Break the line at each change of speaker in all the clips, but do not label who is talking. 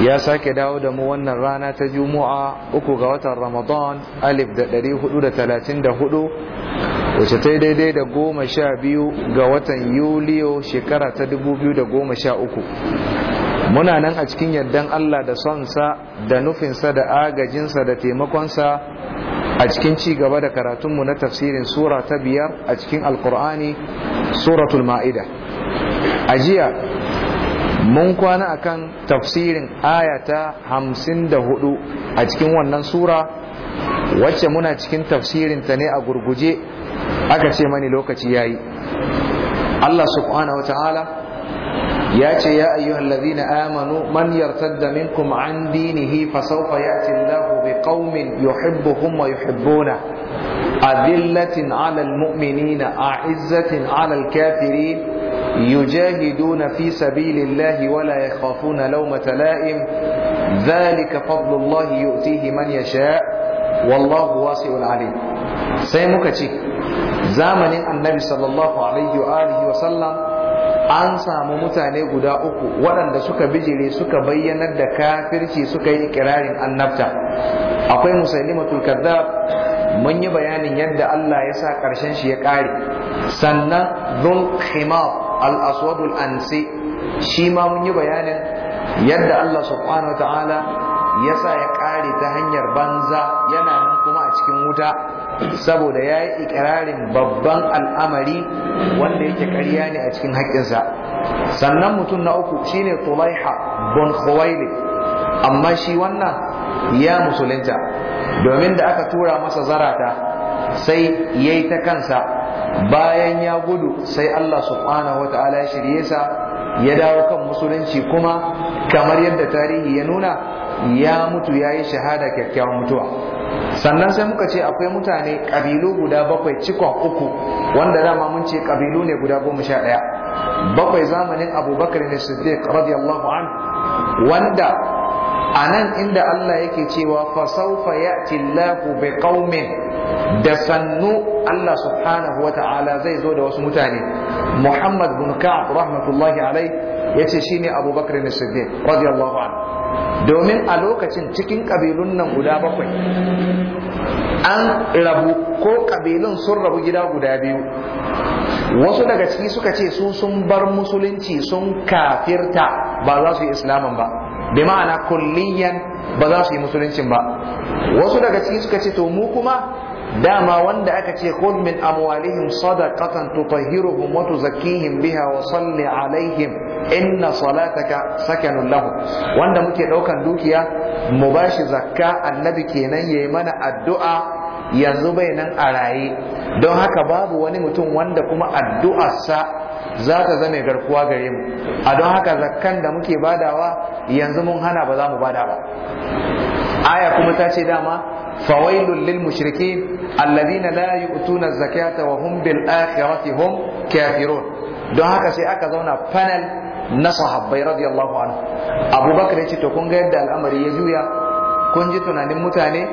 ya sake dawo da mu wannan rana ta juma'a uku ga watan ramadan alif da ɗari hudu da talatin da hudu wacce ta daidai da goma sha biyu ga watan yuliyo shekara ta dubu biyu da goma sha uku muna nan a cikin yardan allah da sonsa da nufinsa da agajinsa da taimakonsa a cikin ci gaba da karatunmu na tafsirin sura ta biyar a cikin alkur'ani suratul ma'ida a jiya mun kwana akan tafsirin ayata hamsin da hudu a cikin wannan sura wacce muna cikin tafsirin ta ne a gurguje aka ce mani lokaci yayi Allah subhanahu wa ta'ala ya ce ya ayyuhal lazina amanu man yartadda minkum an dinihi fa sawfa ya'ti Allahu bi qaumin yuhibbuhum wa yuhibbuna adillatin a al-mu'minina a'izzatin 'ala kafirin يجاهدون في سبيل الله ولا يخافون لومة لائم ذلك فضل الله يؤتيه من يشاء والله واسع عليم سيمكتي زمن النبي صلى الله عليه وآله وسلم an samu mutane guda uku waɗanda suka bijire suka bayyanar da kafirci suka yi ikirarin annabta akwai musailimatul kazzab mun yi bayanin yadda Allah ya sa ƙarshen shi ya ƙare sannan dhul khimar al-aswadul ansi shi ma mun yi bayanin yadda Allah subhanahu ta'ala ya sa ya ƙare ta hanyar banza yana nan kuma a cikin wuta saboda ya yi ikirarin babban al'amari wanda yake ƙarya ne a cikin haƙƙinsa sannan mutum na uku shine tulaiha bin khuwailid amma shi wannan ya musulunta domin da aka tura masa zarata sai ya yi ta kansa bayan ya gudu sai Allah subhanahu Ta'ala ya shirye sa ya dawo kan musulunci kuma kamar yadda tarihi ya nuna ya mutu ya yi shahada kyakkyawan mutuwa sannan sai muka ce akwai mutane kabilu guda bakwai cikon uku wanda dama mun ce ƙabilu ne guda goma sha ɗaya bakwai zamanin abubakar ne siddiq radiyallahu an wanda a nan inda Allah yake cewa fasaufa ya'ti Allahu bi qaumin da sannu Allah subhanahu wa ta'ala zai zo da wasu mutane Muhammad bin Ka'ab rahmatullahi alai yace shine Abu Bakr as-Siddiq radiyallahu anhu domin a lokacin cikin kabilun nan guda bakwai an rabu ko kabilun sun rabu gida guda biyu wasu daga ciki suka ce su sun bar musulunci sun kafirta ba za su yi islamin ba bi ma'ana kulliyan ba za su yi musuluncin ba wasu daga ciki suka ce to mu kuma dama wanda aka ce kun min amwalihim sadaqatan tutahhiruhum wa tuzakkihim biha wa salli alaihim inna salataka sakanun lahum wanda muke daukan dukiya mu bashi zakka annabi kenan yayi mana addu'a yanzu bai nan a raye don haka babu wani mutum wanda kuma addu'arsa za ta zame garkuwa gare mu a don haka zakkan da muke badawa yanzu mun hana ba za mu bada ba aya kuma ta ce dama mushrikin فويل للمشركين الذين لا يؤتون الزكاة وهم بالآخرة هم كافرون don haka sai aka zauna panel na sahabbai radiyallahu anhu abubakar ya ce to kun ga yadda al'amari ya juya kun ji tunanin mutane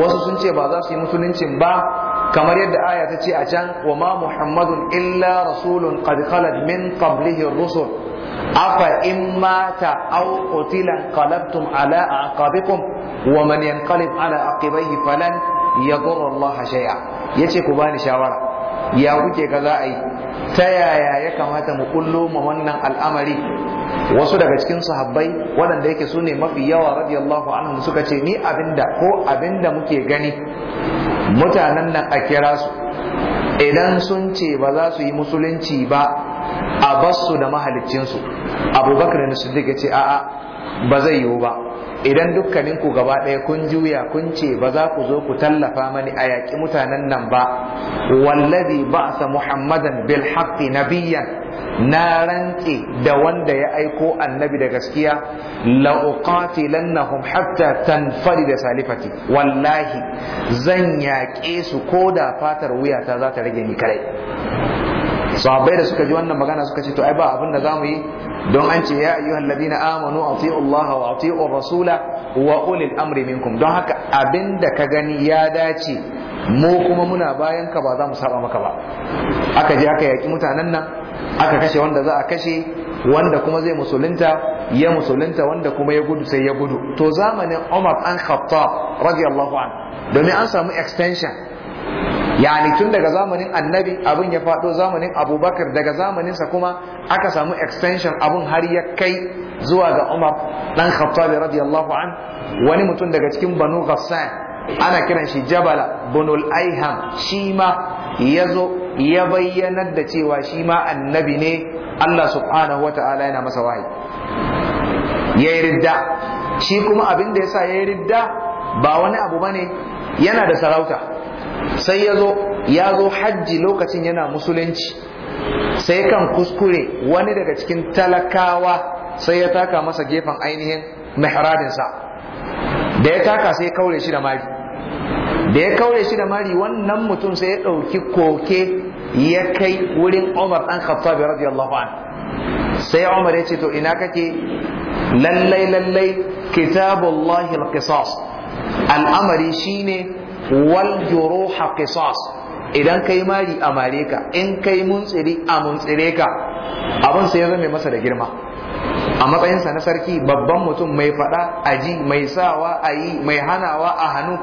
wasu sun ce ba za su yi musuluncin ba kamar yadda aya ta ce a can wa ma muhammadun illa rasulun qad khalat min qablihi rusul afa in mata aw qutila qalabtum ala aqabikum wa man yanqalib ala aqibaihi falan yadurra Allah shay'a yace ku bani shawara ya kuke za a yi ta yaya ya kamata mu kullo ma wannan al'amari wasu daga cikin sahabbai waɗanda yake su ne mafi yawa radiyallahu anhu suka ce ni abinda ko abinda muke gani mutanen nan a kira su idan sun ce ba za su yi musulunci ba a basu da mahaliccinsu abubakar na siddiq ya ce a'a ba zai yiwu ba idan dukkanin ku gaba ɗaya kun juya kun ce ba za ku zo ku tallafa mani a yaƙi mutanen nan ba wallazi ba'sa muhammadan bil haqqi nabiyyan na rantse da wanda ya aiko annabi da gaskiya la uqatilannahum hatta tanfari da salifati wallahi zan yaƙe su ko da fatar wuyata za ta rage ni kai sahabbai da suka ji wannan magana suka ce to ai ba abin da zamu yi don an ce ya ayyuhal ladina amanu ati'u Allah wa ati'u rasula wa ulil amri minkum don haka abin da ka gani ya dace mu kuma muna bayan ka ba za mu saba maka ba aka je aka yaki mutanen nan aka kashe wanda za a kashe wanda kuma zai musulunta ya musulunta wanda kuma ya gudu sai ya gudu to zamanin Umar an Khattab radiyallahu an domin an samu extension yani tun daga zamanin annabi abin ya faɗo zamanin abubakar daga zamaninsa kuma aka samu extension abin har ya kai zuwa ga umar dan khattab radiyallahu an wani mutum daga cikin banu ghassan ana kiran shi jabala bunul aiham shi ma ya zo ya bayyanar da cewa shi ma annabi ne allah subhanahu wa ta'ala yana masa wahayi ya yi ridda shi kuma abin da ya sa ya yi ridda ba wani abu bane yana da sarauta sai ya zo ya zo hajji lokacin yana musulunci sai kan kuskure wani daga cikin talakawa sai ya taka masa gefen ainihin mihrabinsa da ya taka sai ya kaure shi da mari da ya kaure shi da mari wannan mutum sai ya ɗauki koke ya kai wurin Umar ɗan Khattabi radiyallahu an sai Umar ya ce to ina kake lallai lallai kitabullahi al-qisas al'amari shine wal juruha qisas idan kai mari a mare ka in kai muntsiri a muntsire ka abin sai ya zame masa da girma a matsayinsa na sarki babban mutum mai faɗa aji mai sawa a yi mai hanawa a hannu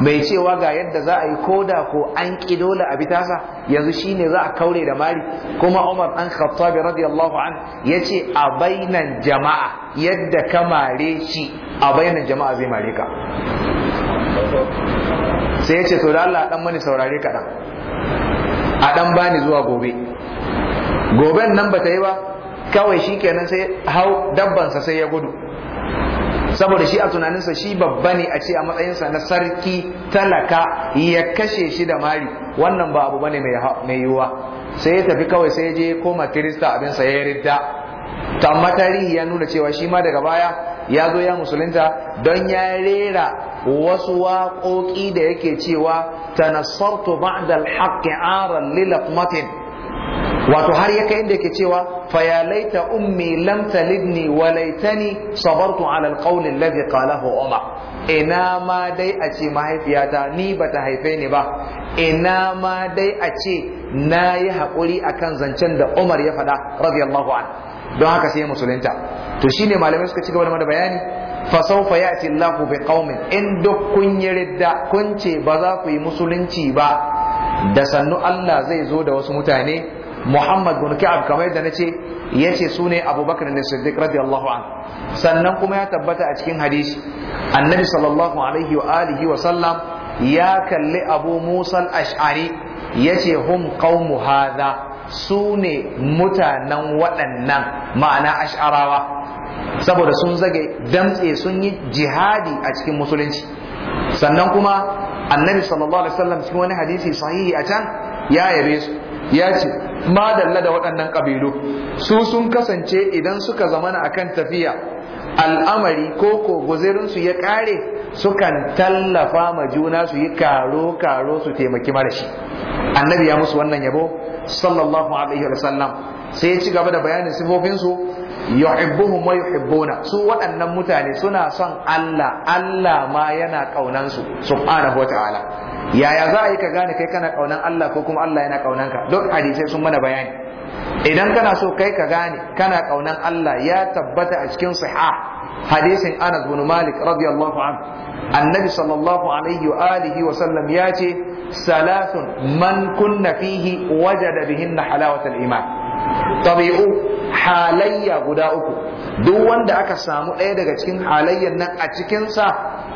mai cewa ga yadda za a yi koda ko an ƙi dole a bitasa yanzu shine za a kaure da mari kuma Umar an Khattab radiyallahu an ce a bainan jama'a yadda ka mare shi a bainan jama'a zai mare ka sai ya ce to da Allah dan mani saurari kaɗan a dan bani zuwa gobe goben nan ba ta yi ba kawai shi kenan sai hau dabbansa sai ya gudu saboda shi a tunaninsa shi babba ne a ce a matsayinsa na sarki talaka ya kashe shi da mari wannan ba abu bane mai yiwuwa sai ya tafi kawai sai ya je koma kirista abinsa ya yarda to amma tarihi ya nuna cewa shi ma daga baya ya zo ya musulunta don ya rera wasu waƙoƙi da yake cewa ba ba'da al-haqqi aran lilaqmatin wato har ya kai inda yake cewa fayalaita ummi lam talidni wa laitani sabartu ala alqawl alladhi qalahu umar ina ma dai a ce mahaifiyata ni bata haife ni ba ina ma dai a ce na yi haƙuri akan zancen da umar ya faɗa radiyallahu an don haka sai musulunta to ne malamai suka ci gaba da bayani fa sawfa ya'ti Allahu bi qaumin in duk kun yi kun ce ba za ku yi musulunci ba da sannu Allah zai zo da wasu mutane Muhammad bin Ka'ab kamar yadda nace yace sune Abubakar da Siddiq radiyallahu an sannan kuma ya tabbata a cikin hadisi Annabi sallallahu alaihi wa wa sallam ya kalli Abu Musa ashari yace hum qaumu hadha sune mutanen waɗannan ma'ana ash'arawa saboda sun zage damtse sun yi jihadi a cikin musulunci sannan kuma annabi sallallahu alaihi wasallam cikin wani hadisi sahihi a can ya yabe su ya ce ma dalla da waɗannan ƙabilu su sun kasance idan suka zamana akan tafiya al'amari ko ko su ya ƙare sukan tallafa ma juna su yi karo karo su taimaki marashi annabi ya musu wannan yabo sallallahu alaihi wasallam sai ya ci gaba da bayanin sifofinsu yuhibbuhum wa yuhibbuna su waɗannan mutane suna son Allah Allah ma yana kaunan su subhanahu wataala yaya za a yi ka gane kai kana kaunan Allah ko kuma Allah yana kaunan ka duk hadisai sun mana bayani idan kana so kai ka gane kana kaunan Allah ya tabbata a cikin sahih hadisin Anas bin Malik radiyallahu anhu annabi sallallahu alaihi wa alihi wa sallam ya ce salasun man kunna fihi wajada bihinna halawatal iman tabi'u halayya guda uku duk wanda aka samu ɗaya daga cikin halayyar nan a cikinsa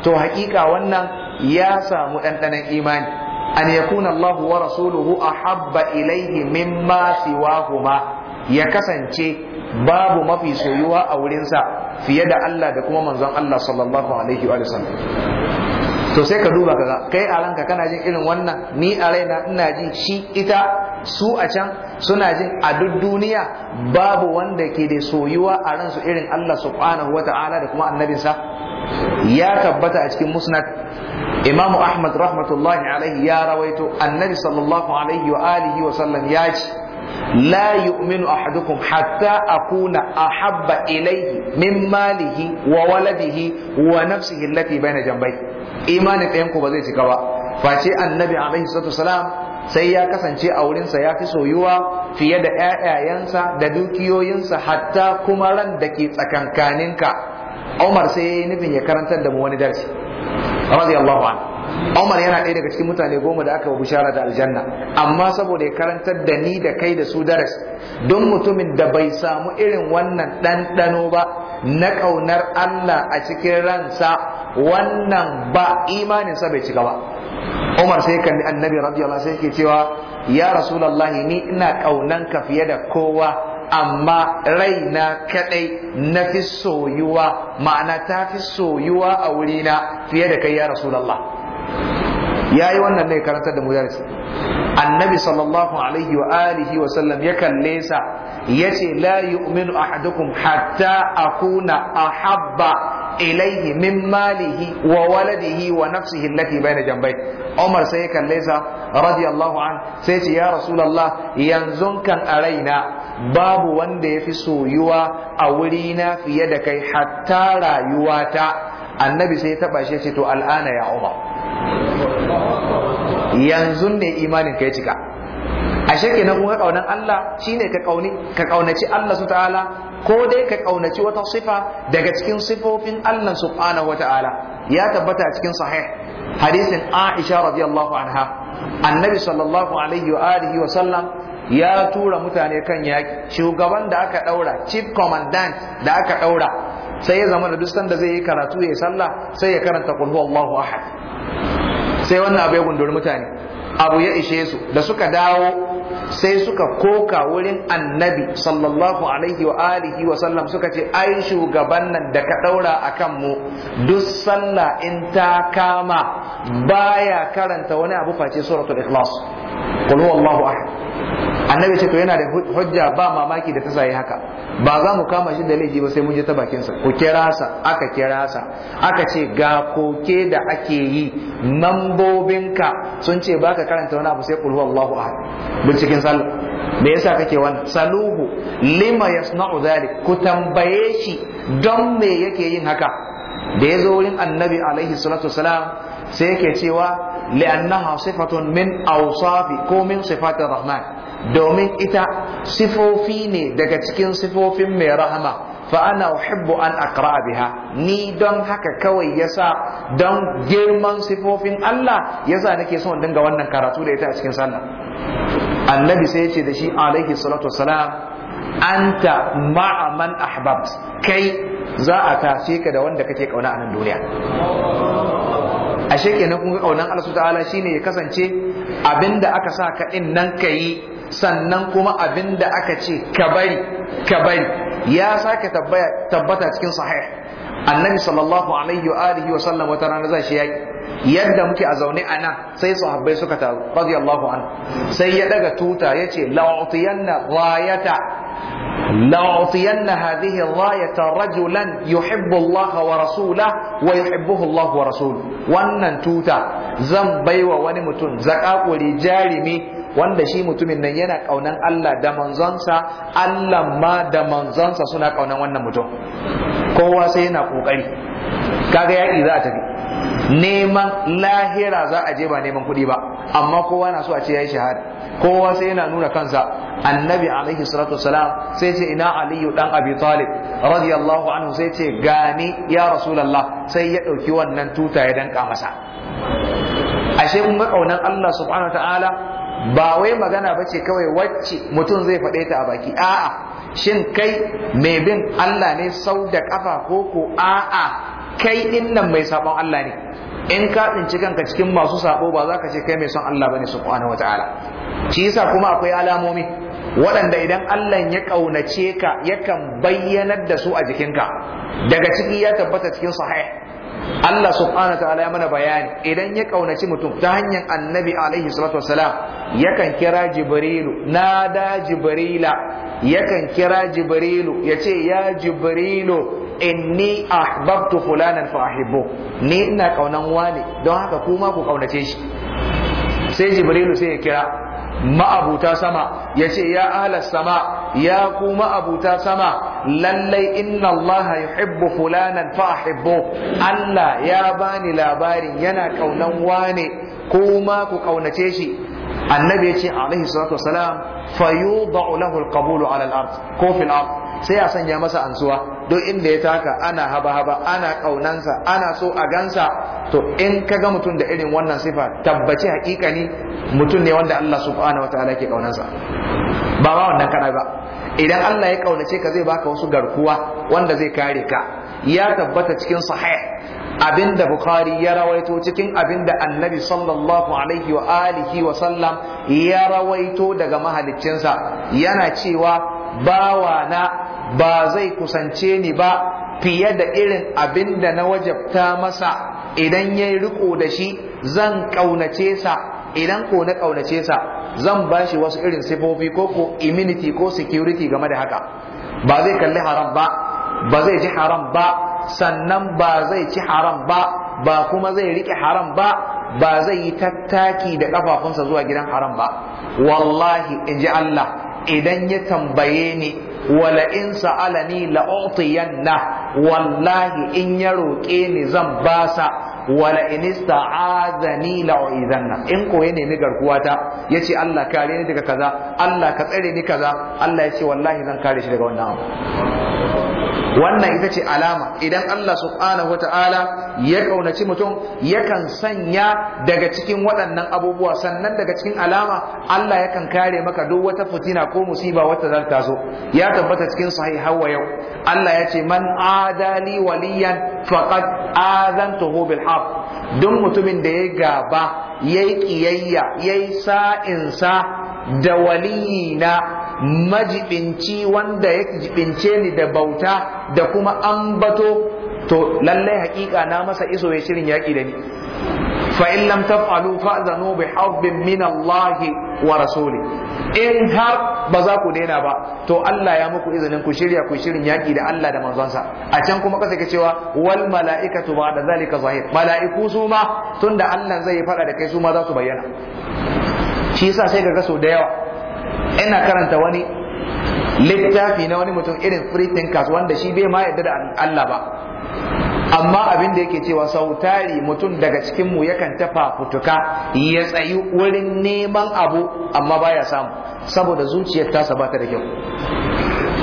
to hakika wannan ya samu ɗanɗanon imani an yakuna Allah wa rasuluhu ahabba ilaihi mimma siwahuma ya kasance babu mafi soyuwa a wurinsa fiye da Allah da kuma manzon Allah sallallahu alaihi wa sallam to sai ka duba kaga kai a ranka kana jin irin wannan ni a raina ina ji shi ita su a can suna jin a duk duniya babu wanda ke da soyuwa a ransu irin Allah subhanahu da kuma annabinsa ya tabbata a cikin musnad Imam ahmad rahmatullahi alaihi ya rawaito annabi sallallahu alaihi wa wa sallam ya ce, la yu'minu ahadukum hatta akuna ahabba ilaihi, min malihi wa waladihi wa nafsihi allati bayna jambai imani ɗayan ku ba zai cika ba face annabi alaihi salatu sai ya kasance a wurinsa ya fi soyuwa fiye da ‘ya'yayensa da dukiyoyinsa hatta kuma ran da ke tsakankaninka Umar sai ya yi nufin ya karantar da mu wani darsi radiyallahu anhu Umar yana ɗaya daga cikin mutane goma da aka bushara bishara da aljanna amma saboda ya karantar da ni da kai da su daras, don mutumin da bai samu irin wannan ɗanɗano ba na ƙaunar Allah a cikin ransa wannan ba imaninsa bai cika ba Umar sai kan annabi radiyallahu sai ke cewa ya rasulullahi ni ina ƙaunan ka fiye da kowa amma raina kadai na fi soyuwa ma'ana ta fi soyuwa a wurina fiye da kai ya rasulallah yayi wannan ne karantar da mu darasi annabi sallallahu alaihi wa alihi wa sallam ya kalle sa yace la yu'minu ahadukum hatta akuna ahabba ilaihi min malihi wa waladihi wa nafsihi allati bayna jambai Umar sai ya kalle sa radiyallahu an sai ce ya rasulullah yanzu kan a raina babu wanda ya fi soyuwa a wurina fiye da kai hatta rayuwata annabi sai ya taba shi ce to al'ana ya Umar yanzu ne imanin ka ya cika ashe kenan na kuma kaunan Allah shine ka ƙaunaci ka kaunaci Allah su ta'ala ko dai ka kaunaci wata sifa daga cikin sifofin Allah subhanahu wa ta'ala ya tabbata a cikin sahih hadisin Aisha radiyallahu anha annabi sallallahu alaihi wa alihi wa sallam ya tura mutane kan yaki shugaban da aka daura chief commandant da aka daura sai ya zama da duk da zai yi karatu ya sallah sai ya karanta qul huwallahu ahad sai wannan abu ya gunduri mutane abu ya ishe su da suka dawo sai suka koka wurin annabi sallallahu alaihi wa alihi wa sallam suka ce ai shugaban nan da ka daura akan mu duk sallah in ta kama baya karanta wani abu face suratul ikhlas qul huwallahu ahad annabi ce to yana da hujja ba mamaki da ta sayi haka ba za mu kama shi da laifi ba sai mun je ta bakinsa ku kira sa aka kira sa aka ce ga koke da ake yi mambobinka sun ce baka karanta wani abu sai qul huwallahu ahad binciken Sallu me yasa kake wannan saluhu lima yasna'u zalik ku tambaye shi don me yake yin haka da ya zo wurin annabi alaihi salatu wasalam sai yake cewa li'annaha sifatun min awsafi ko min sifatir rahman domin ita sifofi ne daga cikin sifofin mai rahama fa ana uhibbu an aqra biha ni don haka kawai yasa don girman sifofin Allah yasa nake son dinga wannan karatu da ita a cikin sallah annabi sai yace da shi alaihi salatu wassalam anta ma'a man ahbabt kai za a tashe ka da wanda kake kauna a nan duniya ashe kenan kun ga kaunan Allah ta'ala shine ya kasance abinda aka sa ka in nan kai sannan kuma abin da aka ce ka bari ka bari ya sake tabbata cikin sahih annabi sallallahu alaihi wa alihi wa sallam wata rana zai shi yaki yadda muke a zaune a nan sai sahabbai suka taru radiyallahu anhu sai ya daga tuta yace la'utiyanna rayata la'utiyanna hadhihi rayata rajulan yuhibbu Allah wa rasulahu wa yuhibbuhu Allah wa rasuluhu wannan tuta zan baiwa wani mutum zakakuri jarimi wanda shi mutumin nan yana kaunan Allah da manzonsa Allah ma da manzonsa suna kaunan wannan mutum kowa sai yana kokari kaga yaƙi za a tafi neman lahira za a je ba neman kuɗi ba amma kowa na so a ce yayi shahada kowa sai yana nuna kansa annabi alaihi salatu wasalam sai ce ina aliyu dan abi talib radiyallahu anhu sai ce gani ya rasulullah sai ya ɗauki wannan tuta ya danka masa ashe kun ga kaunan Allah subhanahu wataala ba wai magana ba ce kawai wacce mutum zai faɗe ta a baki a'a shin kai mai bin Allah ne sau da ƙafa ko ko a'a kai din mai sabon Allah ne in ka tsinci kanka cikin masu saɓo ba za ka ce kai mai son Allah bane wa ta'ala shi yasa kuma akwai alamomi waɗanda idan Allah ya ƙaunace ka yakan bayyanar da su a jikinka daga ciki ya tabbata cikin sahih Allah subhanahu ta'ala ya mana bayani idan ya kaunaci mutum ta hanyar annabi alaihi salatu wasalam yakan kira jibrilu nada jibrila yakan kira jibrilu ya ce ya jibrilu inni ahbabtu fulanan fa ahibbu ni ina kaunan wani don haka kuma ku kaunace shi sai jibrilu sai ya kira ma'abuta sama ya ce ya ahlas sama ya ku ma'abuta sama lallai inna Allah yuhibbu fulanan fa ahibbu Allah ya bani labarin yana kaunan wane ko ma ku kaunace shi annabi ya ce alaihi salatu wasalam fa yudau lahu alqabulu ala al ko fil ard sai a sanya masa ansuwa duk inda ya taka ana haba haba ana kaunansa ana so a gansa to in ka ga mutum da irin wannan sifa tabbaci hakikani mutum ne wanda Allah subhanahu wataala ke kaunansa ba ba wannan kada ba idan Allah ya kaunace ka zai baka wasu garkuwa wanda zai kare ka ya tabbata cikin sahih Abin da bukhari ya rawaito cikin abin da annabi sallallahu alaihi wa alihi wa sallam ya rawaito daga mahaliccinsa yana cewa bawana ba zai kusance ni ba fiye da irin abin da na wajabta masa idan ya riko da shi zan kaunace sa idan ko na kaunace sa zan bashi wasu irin sifofi ko ko immunity ko security game da haka ba zai kalli haram ba ba zai ji haram ba sannan ba zai ci haram ba ba kuma zai riƙe haram ba ba zai yi tattaki da kafafunsa zuwa gidan haram ba wallahi in ji Allah idan ya tambaye ni wala in sa'alani la utiyanna wallahi in ya roƙe ni zan ba sa, wala in ista'azani la uizanna in ko ya nemi ta yace Allah kare ni daga kaza Allah ka tsare ni kaza Allah yace wallahi zan kare shi daga wannan abu wannan ita ce alama idan Allah subhanahu ya kaunaci mutum yakan sanya daga cikin waɗannan abubuwa sannan daga cikin alama Allah yakan kare maka duk wata fitina ko musiba wata za ta zo ya tabbata cikin sahih hawa yau Allah ya ce man adali waliyan faqad azantuhu bil haq duk mutumin da ya gaba yayi kiyayya yayi sa'insa da waliyina majibinci wanda ya jibince ni da bauta da kuma ambato to lallai hakika na masa iso ya shirin yaƙi da ni fa in lam taf'alu fa'zanu bi harbin min Allah wa rasuli in har ba za ku daina ba to Allah ya muku izinin ku shirya ku shirin yaki da Allah da manzonsa a can kuma kasa ke cewa wal mala'ikatu ba da zalika zahir mala'iku su ma tunda Allah zai fada da kai su ma za su bayyana shi yasa sai ga gaso da yawa ina karanta wani littafi na wani mutum irin free thinkers wanda shi bai ma yadda da Allah ba amma abin da yake cewa sautari mutum daga cikin mu yakan ta fafutuka ya tsayi wurin neman abu amma baya samu saboda zuciyar tasa ba ta da kyau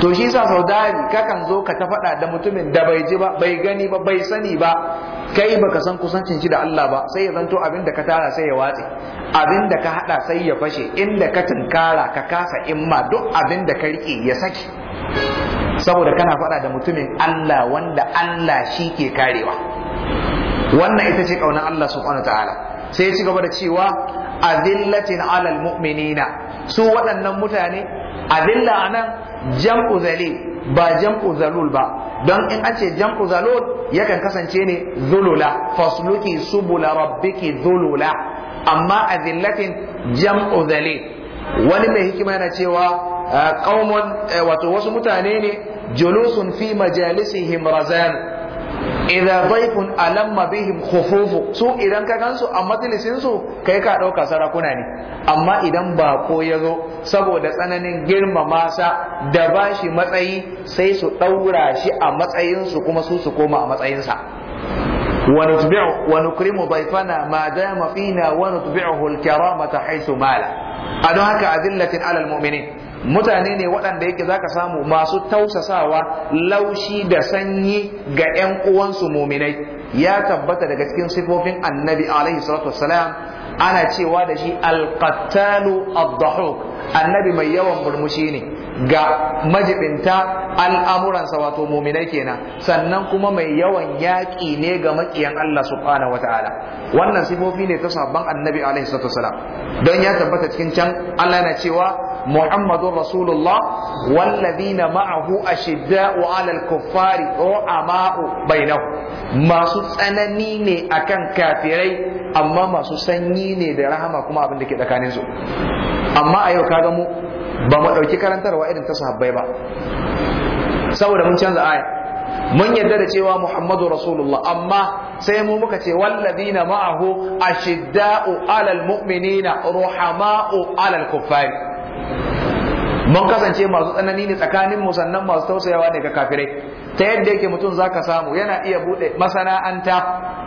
to shi sa sau dari kakan zo ka ta faɗa da mutumin da bai ji ba bai gani ba bai sani ba kai baka san kusancin shi da Allah ba sai ya zanto abin da ka tara sai ya watse abin da ka haɗa sai ya fashe inda ka tunkara ka kasa imma duk abin da ka riƙe ya saki saboda kana faɗa da mutumin Allah wanda Allah shi ke karewa wannan ita ce ƙaunar Allah subhanahu ta'ala sai ya ci gaba da cewa azillatin alal mu'minina su waɗannan mutane azilla anan jam'u zalil ba jam'u zalul ba don in an ce jam'u zalul yakan kasance ne zulula fasluki subula rabbiki zulula amma a zillatin jam'u zalil wani mai hikima yana cewa ah, qaumun eh, wato wasu mutane ne julusun fi majalisihim razan idza dayfun alamma bihim khufufu su idan ka gansu a majalisin su kai ka dauka sarakuna ne amma idan ba ko ya zo saboda tsananin girmama sa da bashi matsayi sai su daura shi a matsayin su kuma su su koma a matsayin sa wa nutbi'u wa nukrimu ma dama fina wa nutbi'uhu al-karamata haythu mala adon haka adillatin alal mu'minin mutane ne waɗanda yake zaka samu masu tausasawa laushi da sanyi ga 'yan uwansu muminai ya tabbata daga cikin sifofin annabi alaihi salatu wassalam ana cewa da shi alqattalu ad-dahuk annabi mai yawan murmushi ne ga majibinta al'amuransa wato muminai kenan sannan kuma mai yawan yaƙi ne ga maƙiyan Allah subhanahu wataala wannan sifofi ne ta sabon annabi alaihi salatu wassalam don ya tabbata cikin can Allah na cewa محمد رسول الله والذين معه أشداء على الكفار رعماء بينهم masu tsanani ne akan kafirai amma masu sanyi ne da rahama kuma abin da ke tsakanin su amma a yau kaga mu ba mu ɗauki karantarwa irin ta sahabbai ba saboda mun canza aya mun yarda da cewa Muhammadu Rasulullah amma sai mu muka ce wallazina ma'ahu ashidda'u alal mu'minina ruhama'u alal kufari. mun kasance masu tsanani ne tsakanin mu sannan masu tausayawa ne ga kafirai ta yadda yake mutum zaka samu yana iya bude masana'anta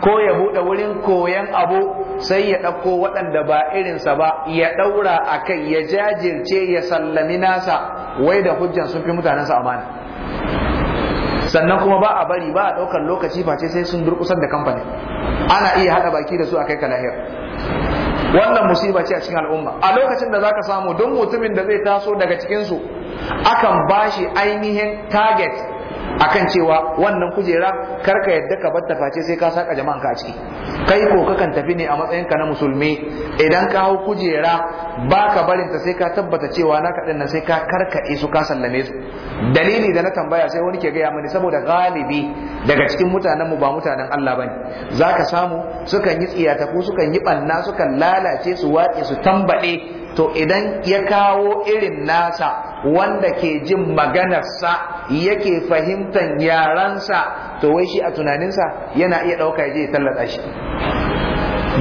ko ya bude wurin koyan abu sai ya ɗauko waɗanda ba irinsa ba ya ɗaura a kai ya jajirce ya sallami nasa wai da hujjan sun fi mutanensa amana
sannan kuma ba
a bari ba a ɗaukar lokaci face sai sun durkusar da kamfanin ana iya haɗa baki da su akai ka lahira wannan musiba ce a cikin al'umma a lokacin da zaka samu duk mutumin da zai taso daga cikin su akan bashi ainihin target akan cewa wannan kujera kar ka yadda ka batta face sai ka saka jama'an ka a ciki kai ko kakan tafi ne a matsayin ka na musulmi idan ka hau kujera baka ka barin ta sai ka tabbata cewa na kaɗan nan sai ka karkaɗe su ka sallame su dalili da na tambaya sai wani ke gaya mani saboda galibi daga cikin mutanen mu ba mutanen Allah bane zaka samu sukan yi ko sukan yi banna sukan lalace su watse su tambaɗe to idan ya kawo irin nasa wanda ke jin maganarsa yake fahimtan yaransa to wai shi a tunaninsa yana iya ɗauka ya je ya tallata shi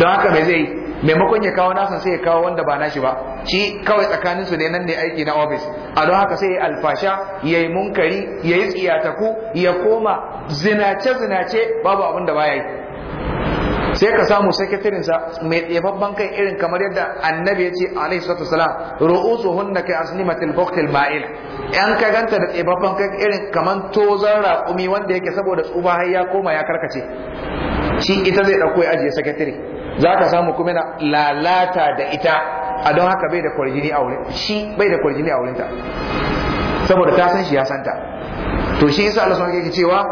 don haka bai zai maimakon ya kawo nasan sai ya kawo wanda ba nashi ba shi kawai tsakanin su ne nan ne aiki na office a don haka sai ya alfasha ya yi munkari ya yi tsiyataku ya koma zinace zinace babu abin da baya yi sai ka samu sakatarinsa mai tsefafban kai irin kamar yadda annabi ya ce alaihi salatu wasalam hunna kai asnimatil buqtil ma'il yan ka ganta da tsefafban kai irin kamar tozan raƙumi wanda yake saboda tsufa har ya koma ya karkace shi ita zai ɗauko ya ajiye sakatare za ka samu kuma na lalata da ita a don haka bai da kwarjini a wurin shi bai da kwarjini a wurinta saboda ta san shi ya santa to shi yasa Allah sun yake cewa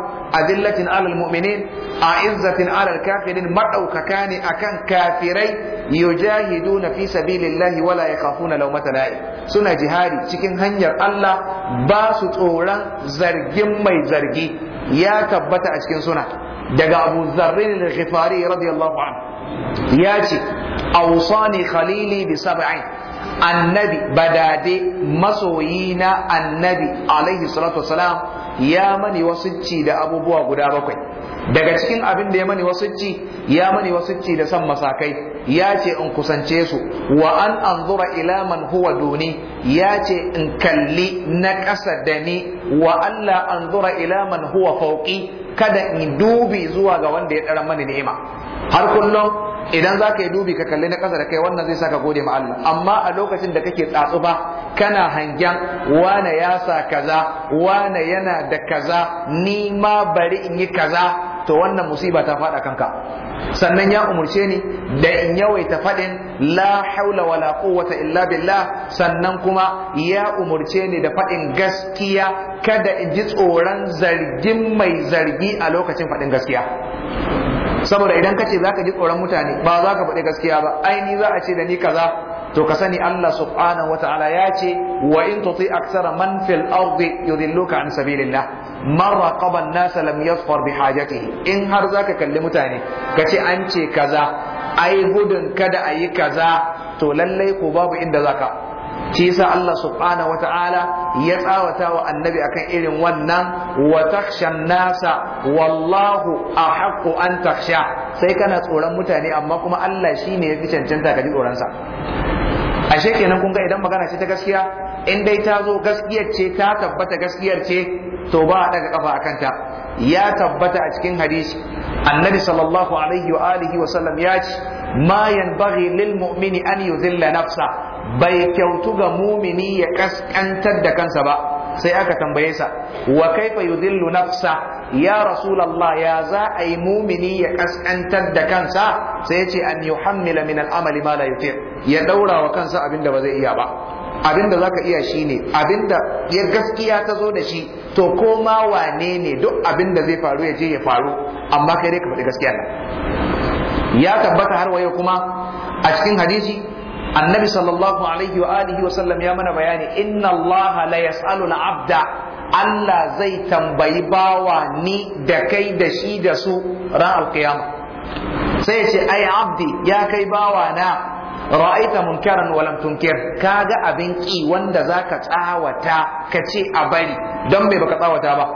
azillatin alal mu'minin izzatin alal kafirin madaukaka ne akan kafirai yujahiduna fi sabilillahi wala yakhafuna lawmata la'im suna jihadi cikin hanyar Allah ba su tsoron zargin mai zargi ya tabbata a cikin suna daga Abu Zarrin al-Ghifari radiyallahu anhu ya ce awsani khalili bi sab'in annabi badade masoyi na annabi alaihi salatu wasalam ya mani wasucci da abubuwa guda bakwai daga cikin abin da ya mani wasucci ya mani wasucci da san masakai ya ce in kusance su wa an anzura ila man huwa duni ya ce in kalli na ƙasa da ni wa Allah anzura ila man huwa fauqi kada in dubi zuwa ga wanda ya ɗara mani ni'ima har kullum idan za ka yi dubi ka kalli na ƙasa da kai wannan zai saka gode ma amma a lokacin da kake tsatsuba kana hangen wane ya sa kaza wane yana da kaza ni ma bari in yi kaza to wannan musiba ta faɗa kanka sannan ya umurce ni da in yawaita faɗin la haula wala quwwata illa billah sannan kuma ya umurce ni da faɗin gaskiya kada in ji tsoron zargin mai zargi a lokacin faɗin gaskiya saboda idan kace zaka ji tsoron mutane ba za ka faɗi gaskiya ba aini za a ce da ni kaza to ka sani Allah subhanahu wa ta'ala ya ce wa in tuti aksara man fil ardi yudilluka an sabilillah man raqaba an-nas lam yasfar bi hajatihi in har zaka kalli mutane kace an ce kaza ai gudun kada ayi kaza to lallai ko babu inda zaka shi yasa Allah subhanahu wata'ala ya tsawata wa annabi akan irin wannan wa takshan nasa wallahu ahaqqu an taksha sai kana tsoron mutane amma kuma Allah shine ya fi cancanta ka ji tsoron sa ashe kenan kun ga idan magana ce ta gaskiya in dai ta zo gaskiyar ce ta tabbata gaskiyar ce to ba a daga kafa akan ta ya tabbata a cikin hadisi annabi sallallahu alaihi wa alihi wa sallam ya ce ma yanbaghi lil mu'mini an yuzilla nafsa bai kyautu ga mumini ya kaskantar da kansa ba sai aka tambaye sa wa kaifa yudhillu nafsa ya rasulullah ya za a yi mumini ya kaskantar da kansa sai ya ce an yuhammila min al'amali ma la yutiq ya daura wa kansa abinda ba zai iya ba abinda zaka iya shine abinda ya gaskiya ta zo da shi to ko ma wane ne duk abinda zai faru ya je ya faru amma kai dai ka faɗi gaskiya ya tabbata har waye kuma a cikin hadisi annabi sallallahu alaihi wa alihi wa sallam ya mana bayani inna allaha la yas'alu abda Allah zai tambayi bawa ni da kai da shi da su ran alkiyama sai ya ce ai abdi ya kai bawa na ra'aita munkaran walam tunkir kaga abin ki wanda zaka tsawata ka ce a bari don me baka tsawata ba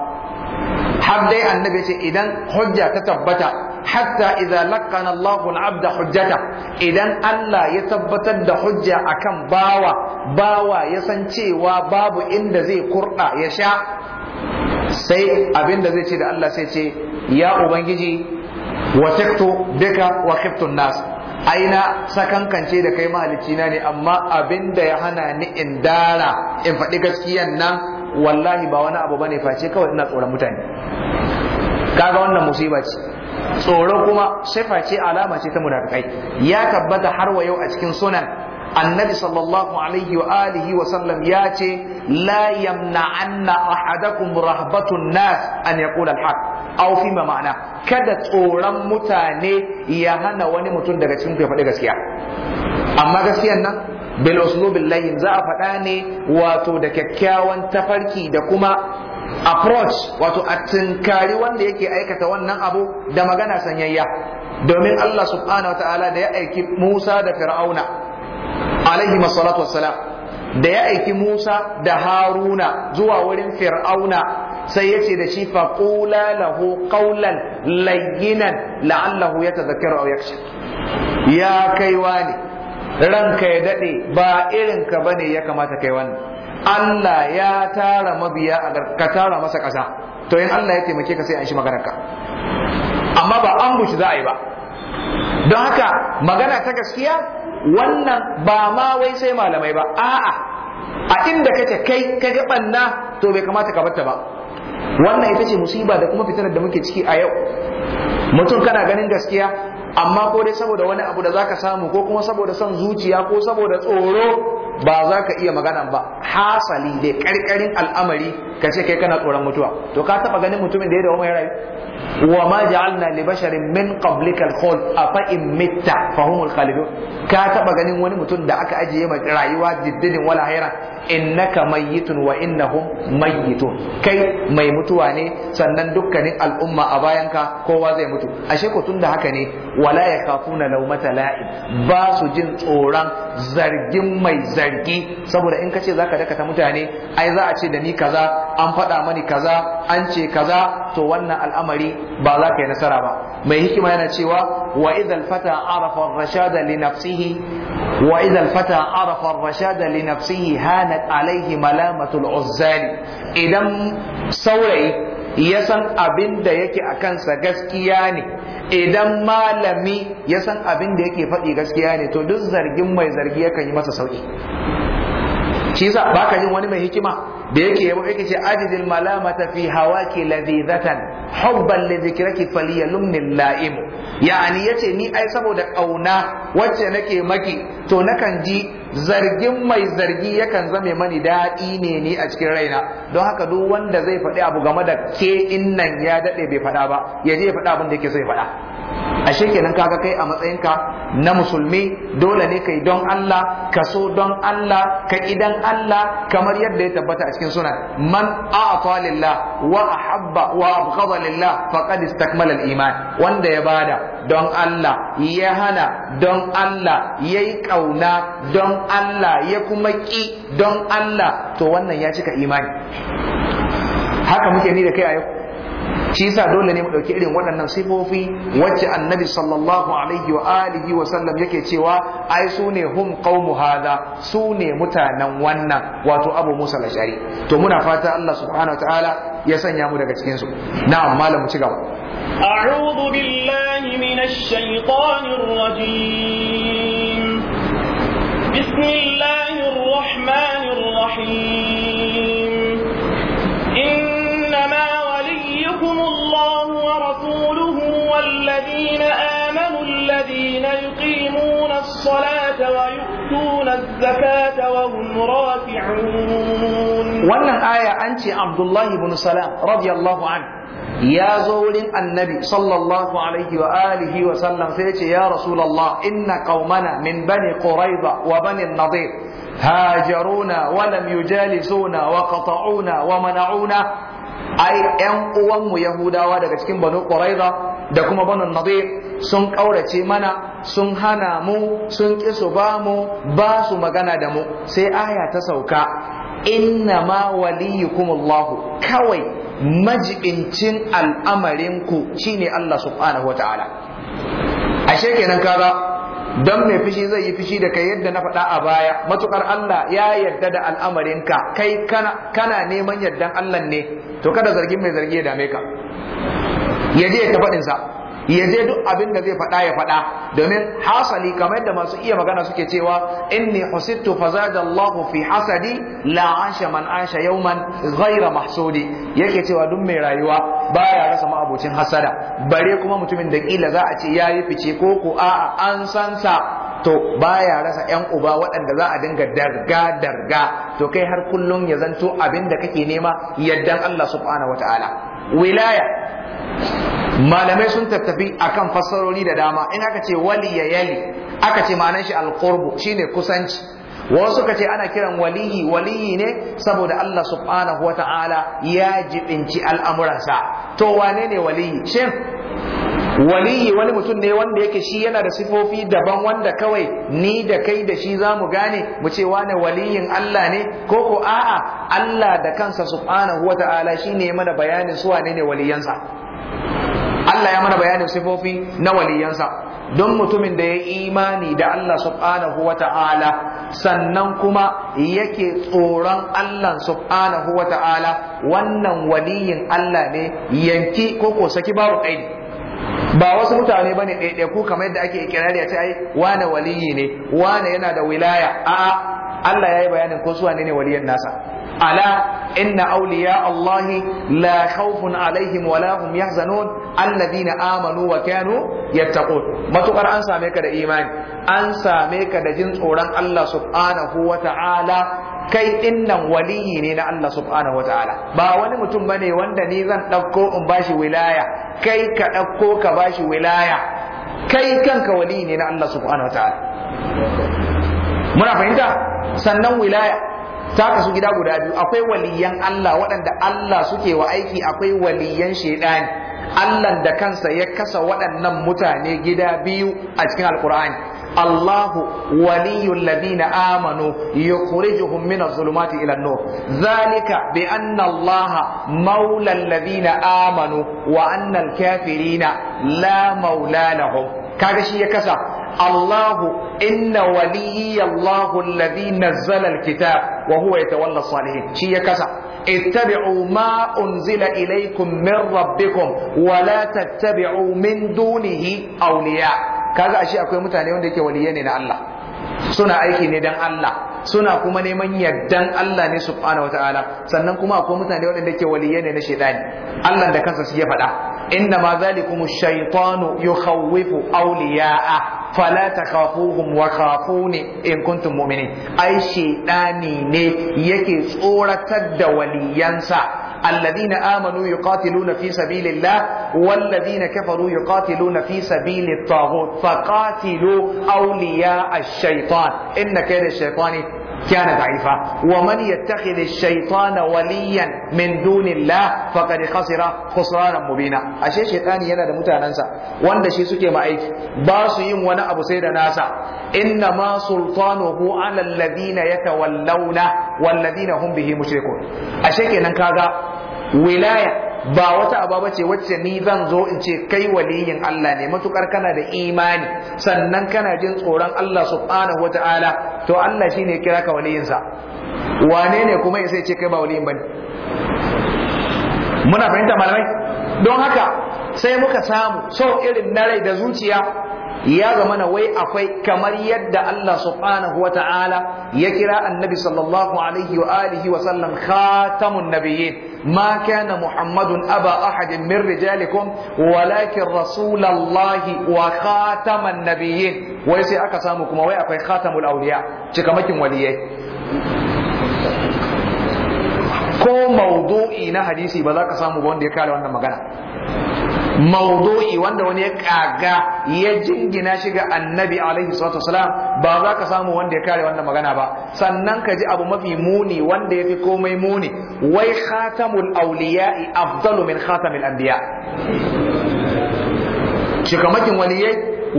har dai annabi ce idan hujja ta tabbata hatta idza laqana Allahu al-abda hujjata idan Allah ya tabbatar da hujja akan bawa bawa ya san cewa babu inda zai kurda ya sha sai abinda zai ce da Allah sai ce ya ubangiji wasaktu bika wa khiftu nas aina sakankance da kai mahalicci na ne amma abinda ya hana ni in dara in faɗi gaskiyan nan wallahi ba wani abu bane face kawai ina tsoron mutane kaga wannan musiba ce tsoro kuma sifa ce alama ce ta munafikai ya tabbata har wa yau a cikin sunan annabi sallallahu alaihi wa alihi wa sallam ya ce la yamna'anna ahadakum rahbatun nas an yaqula al aw fi ma ma'ana kada tsoron mutane ya hana wani mutum daga cikin ya faɗi gaskiya amma gaskiyan nan bil uslubin layyin za a faɗa ne wato da kyakkyawan tafarki da kuma approach wato a tunkari wanda yake aikata wannan abu da magana sanyayya domin Allah subhanahu wa ta'ala da ya aiki Musa da Fir'auna alaihi masalatu wassalam da ya aiki Musa da Haruna zuwa wurin Fir'auna sai yace da shi faƙula lahu qawlan layyinan la'allahu ya aw yakhsha ya kai wani ranka ya dade ba irinka bane ya kamata kai wannan Allah ya tara mabiya a ka tara masa ƙasa to yin Allah ya taimake ka sai an shi maganarka amma ba an bushi za a yi ba don haka magana ta gaskiya wannan ba ma wai sai malamai ba a'a a inda kake kai ka ga banna to bai kamata ka batta ba wannan ita ce musiba da kuma fitar da muke ciki a yau mutum kana ganin gaskiya amma ko dai saboda wani abu da zaka samu ko kuma saboda son zuciya ko saboda tsoro ba za ka iya magana ba hasali da karkarin al'amari ka ce kai kana tsoron mutuwa to ka taba ganin mutumin da ya dawo mai rai. wa ma ja'alna li basharin min qablika al-khuld afa in mitta fa al khalidun ka taba ganin wani mutum da aka ajiye mai rayuwa diddinin wala hayran innaka mayyitun wa innahum mayyitun kai mai mutuwa ne sannan dukkanin al'umma a bayanka kowa zai mutu ashe ko tunda haka ne wala yakhafuna lawmata la'ib ba su jin tsoron zargin mai zargi tarki saboda in kace zaka dakata mutane ai za a ce da ni kaza an faɗa mani kaza an ce kaza to wannan al'amari ba za ka yi nasara ba mai hikima yana cewa wa idal fata arafa ar-rashada li nafsihi wa idal fata arafa ar li nafsihi hanat alaihi malamatu uzzali idan saurayi ya san abin da yake a kansa gaskiya ne idan malami ya san abin da yake faɗi gaskiya ne to duk zargin mai zargi yakan yi masa sauki shi yasa ka yin wani mai hikima da yake yabo yake ce ajidil malamata fi hawaki ladhizatan hubban li dhikraki falyalumnil laim ya'ani yace ni ai saboda kauna wacce nake maki to nakan ji zargin mai zargi yakan zame mani daɗi ne ni a cikin raina don haka duk wanda zai faɗi abu game da ke innan ya daɗe bai faɗa ba ya je ya faɗa abin da yake so ya faɗa ashe kenan kaga kai a matsayinka na musulmi dole ne kai don Allah ka so don Allah ka idan Allah kamar yadda ya tabbata a cikin sunan man a'ata lillah wa ahabba wa abghada lillah faqad istakmala al-iman wanda ya bada don Allah ya hana don Allah yayi kauna don Allah ya kuma ƙi don Allah to wannan ya cika imani haka muke ni da kai a yau shi yasa dole ne mu dauki irin waɗannan sifofi wacce annabi sallallahu alaihi wa alihi wa sallam yake cewa ai su ne hum qaumu hada su ne mutanen wannan wato abu musa lashari to muna fata Allah subhanahu wa ta'ala ya sanya mu daga cikin su na'am malam mu ci gaba
a'udhu billahi minash shaitanir rajim بسم الله الرحمن الرحيم إنما وليكم الله ورسوله والذين آمنوا الذين يقيمون الصلاة ويؤتون الزكاة وهم راكعون wannan
أنت عبد الله بن سلام رضي الله عنه ya zo wurin annabi sallallahu alaihi wa alihi wa sallam sai ce ya rasulullah inna qaumana min bani quraiba wa bani nadir hajaruna wa lam yujalisuna wa qata'una wa mana'una ai yan uwanmu yahudawa daga cikin banu quraiba da kuma banu nadir sun kaurace mana sun hana mu sun ƙi su ba mu ba su magana da mu sai aya ta sauka inna ma waliyukumullahu kawai majibincin al'amarin ku shine Allah subhanahu wataala ashe kenan kaga don mai fushi zai yi fushi da kai yadda na faɗa a baya matukar Allah ya yarda da al'amarin ka kai kana kana neman yardan Allah ne to kada zargin mai zargi ya dame ka ya je ya ta ya je duk abin da zai faɗa ya faɗa domin hasali kamar da masu iya magana suke cewa inni husittu fazadallahu fi hasadi la ansha man ansha yawman ghaira mahsudi yake cewa duk mai rayuwa baya rasa ma'abucin hasada bare kuma mutumin da kila za a ce yayi fice ko ko a an san sa to baya rasa yan uba waɗanda za a dinga darga darga to kai har kullum ya zanto abin da kake nema yaddan Allah subhanahu wataala wilaya malamai sun tattafi akan fassarori da dama in aka ce wali ya yali aka ce ma'anar shi alqurbu shine kusanci wasu ka ce ana kiran waliyi waliyi ne saboda Allah subhanahu wa ta'ala ya jibinci al'amuransa to wane ne waliyi shin waliyi wani mutum ne wanda yake shi yana da sifofi daban wanda kawai ni da kai da shi za mu gane mu ce wane waliyin Allah ne ko ko a'a Allah da kansa subhanahu ta'ala shi ne mana bayanin su wane ne waliyansa Allah ya mana bayanin sifofi na waliyansa don mutumin da ya imani da Allah subhanahu ta'ala sannan kuma yake tsoron Allah subhanahu ta'ala wannan waliyin Allah ne yanki ko ko saki babu kaidi ba wasu mutane ba ne ɗaiɗaiku ku kamar yadda ake ikirari a ce ai wane waliyi ne wane yana da wilaya A'a Allah ya yi bayanin ko su wane ne waliyan nasa ala inna awliya Allah la khawfun alaihim wa la hum yahzanun alladhina amanu wa kanu yattaqun matukar an same ka da imani an same ka da jin tsoron Allah subhanahu wa ta'ala kai ɗinnan waliyi ne na Allah subhanahu wataala ba wani mutum bane wanda ni zan ɗauko in bashi wilaya kai ka ɗauko ka bashi wilaya kai kanka waliyi ne na Allah subhanahu wataala muna fahimta sannan wilaya ta kasu gida guda biyu akwai waliyan Allah waɗanda Allah suke wa aiki akwai waliyan shaidani Allah da kansa ya kasa waɗannan mutane gida biyu a cikin alkur'ani Allahu waliyul ladina amanu yukhrijuhum min adh-dhulumati ila an-nur dhalika bi anna Allah maula amanu wa kafirina la maula lahum kaga shi ya kasa Allahu inna waliyyi Allahu alladhi nazzala alkitab wa huwa yatawalla salihin shi ya kasa ittabi'u ma unzila ilaykum min rabbikum wa la tattabi'u min dunihi awliya kaga ashe akwai mutane wanda yake waliyai ne na Allah suna aiki ne dan Allah suna kuma neman yardan Allah ne subhanahu wataala sannan kuma akwai mutane waɗanda ke waliyai ne na shaidani Allah da kansa shi ya faɗa inna ma zalikum shaytanu yukhawwifu awliya'a fala takhafuhum wa khafuni in kuntum mu'minin ai shaidani ne yake tsoratar da waliyansa الذين آمنوا يقاتلون في سبيل الله والذين كفروا يقاتلون في سبيل الطاغوت فقاتلوا أولياء الشيطان إن كيد الشيطان كان ضعيفا ta يتخذ الشيطان وليا من دون الله فقد خسر mu bina? ashe shaitani yana da mutanensa wanda shi suke ma aiki ba su yin wani abu sai da nasa inna ma sultanuhu ala alladhina yatawallawna walladhina hum bihi mushrikun ashe kenan kaga wilaya ba wata aba ce wacce ni zan zo in ce kai waliyin Allah ne matukar kana da imani sannan kana jin tsoron Allah subhanahu wataala to Allah shi shine kira ka waliyinsa wane ne kuma ya ce kai ba waliyin bane muna fahimta malamai don haka sai muka samu so irin na rai da zuciya ya zama na wai akwai kamar yadda Allah subhanahu wa ta'ala ya kira annabi sallallahu alaihi wa alihi wa sallam khatamun nabiyyin ma kana muhammadun aba ahadin min rijalikum walakin rasulallahi wa khataman nabiyyin wai sai aka samu kuma wai akwai khatamul auliya cikamakin waliyai ko maudu'i na hadisi ba za ka samu ba wanda ya kare wannan magana maudu'i wanda wani ya kaga ya jingina shi ga annabi alaihi salatu wasalam ba za ka samu wanda ya kare wannan magana ba sannan ka ji abu mafi muni wanda ya fi komai muni wai khatamul awliya'i afdalu min khatamil anbiya cikamakin waliyai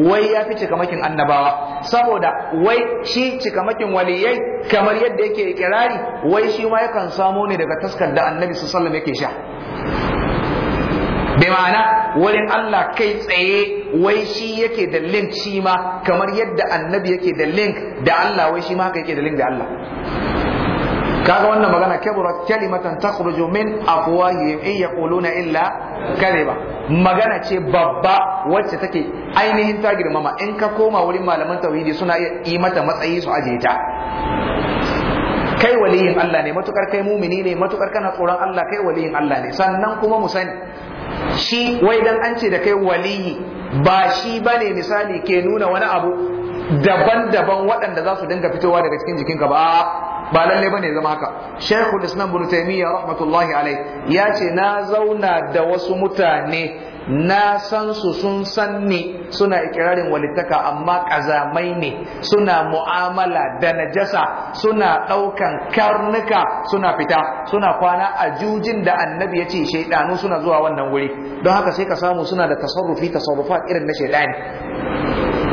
wai ya fi cikamakin annabawa saboda wai shi cikamakin waliyai kamar yadda yake ikirari wai shi ma yakan samo ne daga taskar da annabi sallallahu alaihi wasallam yake sha bai ma'ana wurin Allah kai tsaye wai shi yake da link shi ma kamar yadda annabi yake da link da Allah wai shi ma haka yake da link da Allah kaga wannan magana kaburat kalimatan takhruju min afwahihim in yaquluna illa kadiba magana ce babba wacce take ainihin ta girmama in ka koma wurin malaman tauhidi suna iya yi mata matsayi su aje ta kai waliyin Allah ne matukar kai mumini ne matukar kana tsoron Allah kai waliyin Allah ne sannan kuma mu sani shi wai dan an ce da kai waliyi ba shi bane misali ke nuna wani abu daban-daban waɗanda za su dinga fitowa daga cikin jikinka ba ba lalle bane zama haka shaykhul islam ibn taymiya rahmatullahi alai ya ce na zauna da wasu mutane na san su sun san ni suna ikirarin walittaka amma kazamai ne suna mu'amala da najasa suna ɗaukan karnuka suna fita suna kwana a jujin da annabi ya ce shaidanu suna zuwa wannan wuri don haka sai ka samu suna da tasarrufi tasarrufa irin na shaidani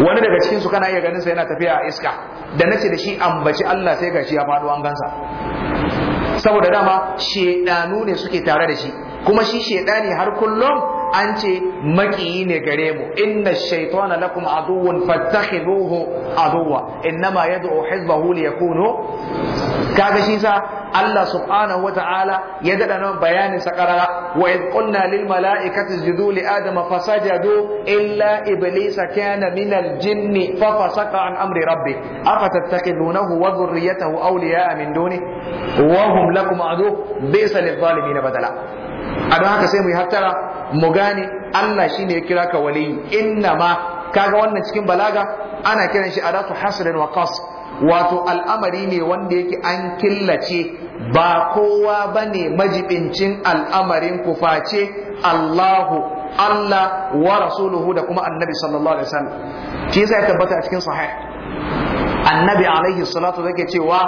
wani daga cikin su kana iya ganin sa yana tafiya a iska da nace da shi ambaci Allah sai gashi ya faɗo an gansa saboda dama shedanu ne suke tare da shi kuma shi shedani har kullum an ce makiyi ne gare mu inna shaytana lakum aduwwun fattakhiduhu aduwwa innama yad'u hizbahu liyakunu kaga shi sa Allah subhanahu ta'ala ya dada nan bayanin sa karara wa id qulna lil malaikati isjudu li adama fasajadu illa iblisa kana min al jinni fa fasaqa an amri rabbi afatattakhidunahu wa dhurriyyatahu awliya'a min duni wa hum lakum adu bi'sa lil zalimin badala a don haka sai mu yi hattara mu gane Allah shine ya kira ka waliyi inna ma kaga wannan cikin balaga ana kiran shi adatu hasrin wa qasr wato al'amari ne wanda yake an killace ba kowa bane majibincin al'amarin ku face Allahu Allah wa rasuluhu da kuma annabi sallallahu alaihi wasallam Ke yasa ya tabbata a cikin sahih annabi alaihi salatu yake cewa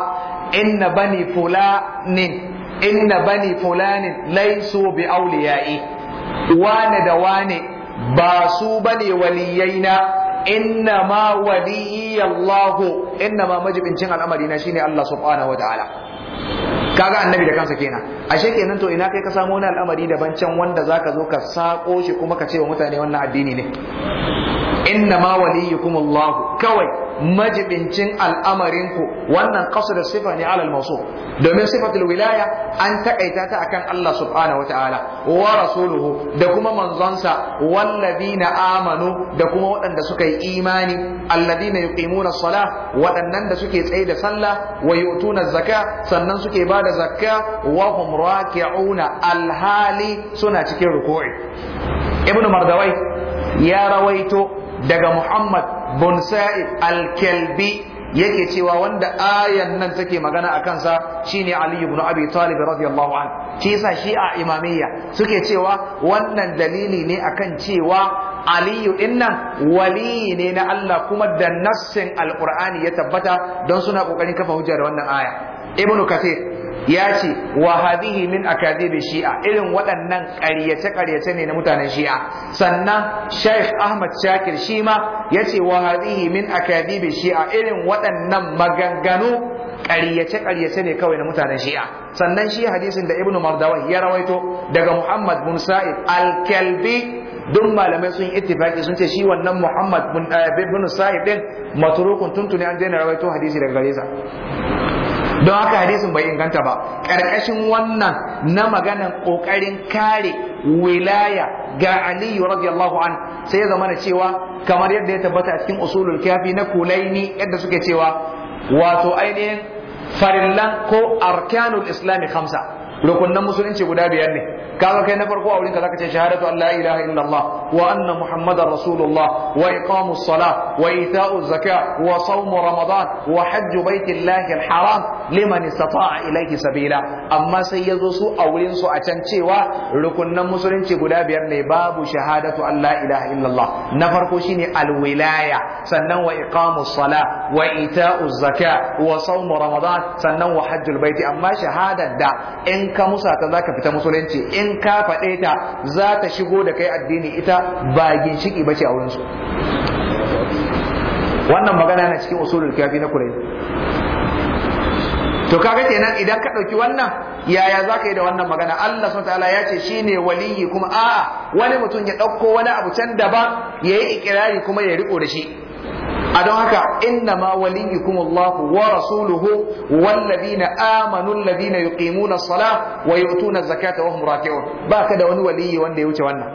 inna bani fulanin inna bani fulanin laisu bi auliyai wane da wane ba su bane waliyaina inna ma waliyyi Allah inna ma majibincin al'amari na shine Allah subhanahu wataala kaga annabi da kansa kenan ashe kenan to ina kai ka samu wani al'amari daban can wanda zaka zo ka sako shi kuma ka ce wa mutane wannan addini ne inna ma waliyyukum Allah kawai majibincin al'amarinku wannan da sifa ne alal mawsuf domin sifatul wilaya an takaita ta akan Allah subhanahu wataala wa rasuluhu da kuma manzonsa na amanu da kuma waɗanda suka yi imani alladina yuqimuna sala waɗannan da suke tsaye da sallah wa yu'tuna zakka sannan suke ba da zakka wa hum raki'una alhali suna cikin ruku'i ibnu mardawai ya rawaito daga muhammad bun sa'id al-kalbi yake cewa wanda ayan nan take magana a kansa shine Ali ibn Abi Talib radiyallahu an shi yasa shi a imamiyya suke cewa wannan dalili ne akan cewa Ali din nan wali ne na Allah kuma da nassin al-Qur'ani ya tabbata don suna kokarin kafa hujja da wannan aya Ibn kathir ya ce wa hadhihi min akadhibi shi'a irin waɗannan ƙaryace ƙaryace ne na mutanen shi'a sannan Sheikh Ahmad Shakir shi ma ya ce wa hadihi min akadhibi shi'a irin waɗannan maganganu ƙaryace ƙaryace ne kawai na mutanen shi'a sannan shi hadisin da ibnu mardawai ya rawaito daga muhammad bin sa'id al-kalbi duk malamai sun ittifaki sun ce shi wannan muhammad bin eh, sa'id din maturukun tuntuni an daina rawaito hadisi daga gare don haka hadisin bai inganta ba ƙarƙashin wannan na maganan ƙoƙarin kare wilaya ga aliyu radiyallahu an sai ya na cewa kamar yadda ya tabbata a cikin usulul kafi na kulaini yadda suke cewa wato ainihin farillan ko arkanul islami hamsa rukunnan musulunci guda biyar ne kaga kai na farko a wurinka zaka ce shahadatu an la ilaha illallah wa anna muhammadar rasulullah wa iqamus salah wa ita'uz zakat wa sawm ramadan wa hajj baitillahi alharam liman istata'a ilayhi sabila amma sai yazo su a wurin su a can cewa rukunnan musulunci guda biyar ne babu shahadatu Allah ilaha illallah na farko shine alwilaya sannan wa iqamus sala wa ita'uz zaka wa sawm ramadan sannan wa hajjul baiti amma shahadar da in ka musa ta zaka fita musulunci in ka faɗe ta za ta shigo da kai addini ita ba ginshiki bace a wurin su wannan magana na cikin usulul kafi na kurai to kaga kenan idan ka ɗauki wannan yaya za ka yi da wannan magana Allah subhanahu ta'ala ya ce shine waliyi kuma a'a wani mutum ya ɗauko wani abu can daban ya yi ikirari kuma ya riko da shi a don haka inna ma kuma Allah wa rasuluhu wallazina amanu allazina yuqimuna as-salah wa yu'tuna az-zakata wa hum raki'un baka da wani waliyi wanda ya wuce wannan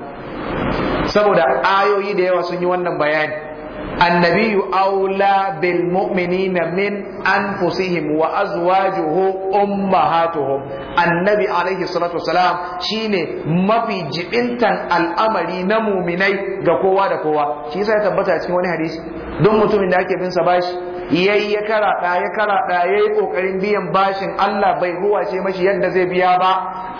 saboda ayoyi da yawa sun yi wannan bayani النبي أولى بالمؤمنين من أنفسهم وأزواجه أمهاتهم النبي عليه الصلاة والسلام شين ما في جئنتا الأمر نمومني قوة قوة شيء سيتبتع تكون حديث دون متوم إنك بن سباش yayi ya karaɗa ya karaɗa yayi kokarin biyan bashin Allah bai ruwa ce mashi yadda zai biya ba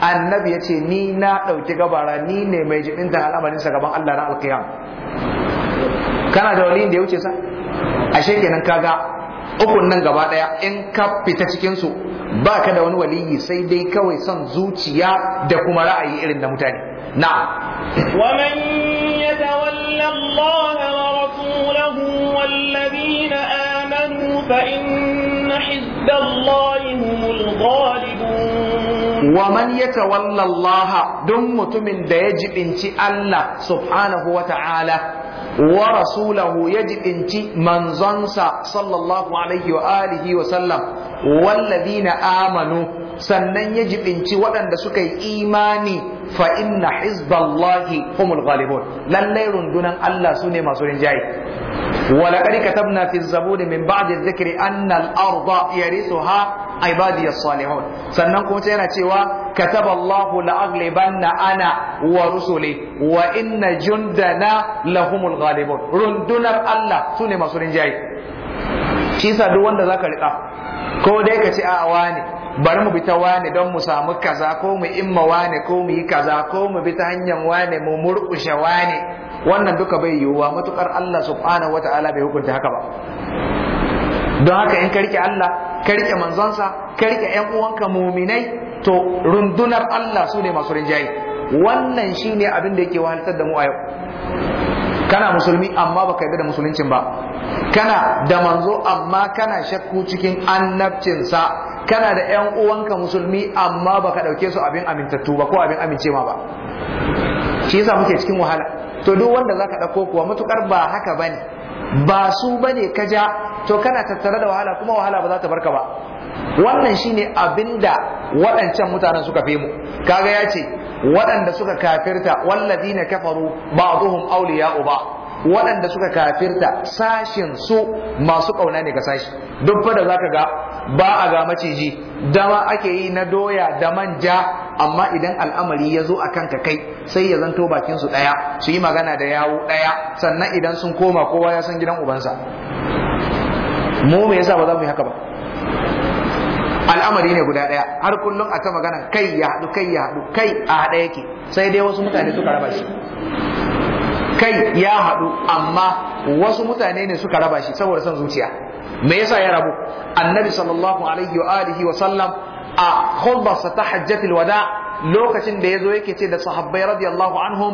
annabi ya ce ni na ɗauki gabara ni ne mai da al'amarin sa gaban Allah na alkiyam kana da waliyin da ya wuce sa ashe kenan kaga ukun nan gaba daya in ka fita cikin su ba ka da wani waliyi sai dai kawai son zuciya da kuma ra'ayi irin na mutane na wa man
yatawalla Allah wa rasuluhu wal ladina amanu fa inna Allah humul ghalibun
wa man
yatawalla Allah dun mutumin da ya jibinci Allah subhanahu wa ta'ala wa rasulahu ya jibinci manzonsa sallallahu alaihi wa alihi wa sallam wallazina amanu sannan ya jibinci waɗanda suka yi imani fa inna hizballahi humul ghalibun lallai rundunan Allah sune masu rinjaye ولقد كتبنا في الزبور من بعد الذكر أن الأرض يرثها ibadiy salihun sannan kuma yana cewa kataballahu la'aglibanna ana wa rusuli wa inna jundana lahumul ghalibun rundunar Allah sune masu rinjaye Kisa sa duk wanda zaka rika ko dai ka ce a wani bari mu bi ta wani don mu samu kaza ko mu imma wani ko mu yi kaza ko mu bi ta hanyar wani mu murkushe wani. wannan duka bai yiwuwa matukar Allah subhanahu wataala bai hukunta haka ba don haka in karki Allah ka rike sa ka rike ƴan uwanka muminai to rundunar Allah su ne masu rinjaye wannan shine abin da yake wahaltar da mu a yau kana musulmi amma baka yarda da musuluncin ba kana da manzo amma kana shakku cikin annabcinsa kana da ƴan uwanka musulmi amma baka ɗauke su abin amintattu ba ko abin amincewa ba shi yasa muke cikin wahala to duk wanda zaka ɗauko kuwa matukar ba haka bane ba su bane ka ja to kana tattare da wahala kuma wahala ba za ta barka ba wannan shine abinda waɗancan mutanen suka fi mu kaga ya ce waɗanda suka kafirta wallazina kafaru ba'dhum awliya'u ba waɗanda suka kafirta sashen su masu ƙauna ne ga sashi duk fa da zaka ga ba a ga maciji dama ake yi na doya da manja amma idan al'amari ya zo a kanka kai sai ya zanto bakin su ɗaya su yi magana da yawo ɗaya sannan idan sun koma kowa ya san gidan ubansa mu me yasa ba za mu yi haka ba al'amari ne guda ɗaya har kullum a ta magana kai ya haɗu kai ya haɗu kai a haɗa yake sai dai wasu mutane suka raba shi kai ya haɗu amma wasu mutane ne suka raba shi saboda son zuciya me yasa ya rabu annabi sallallahu alaihi wa alihi wa sallam a khutbarsa ta hajjatul wada lokacin da yazo yake ce da sahabbai radiyallahu anhum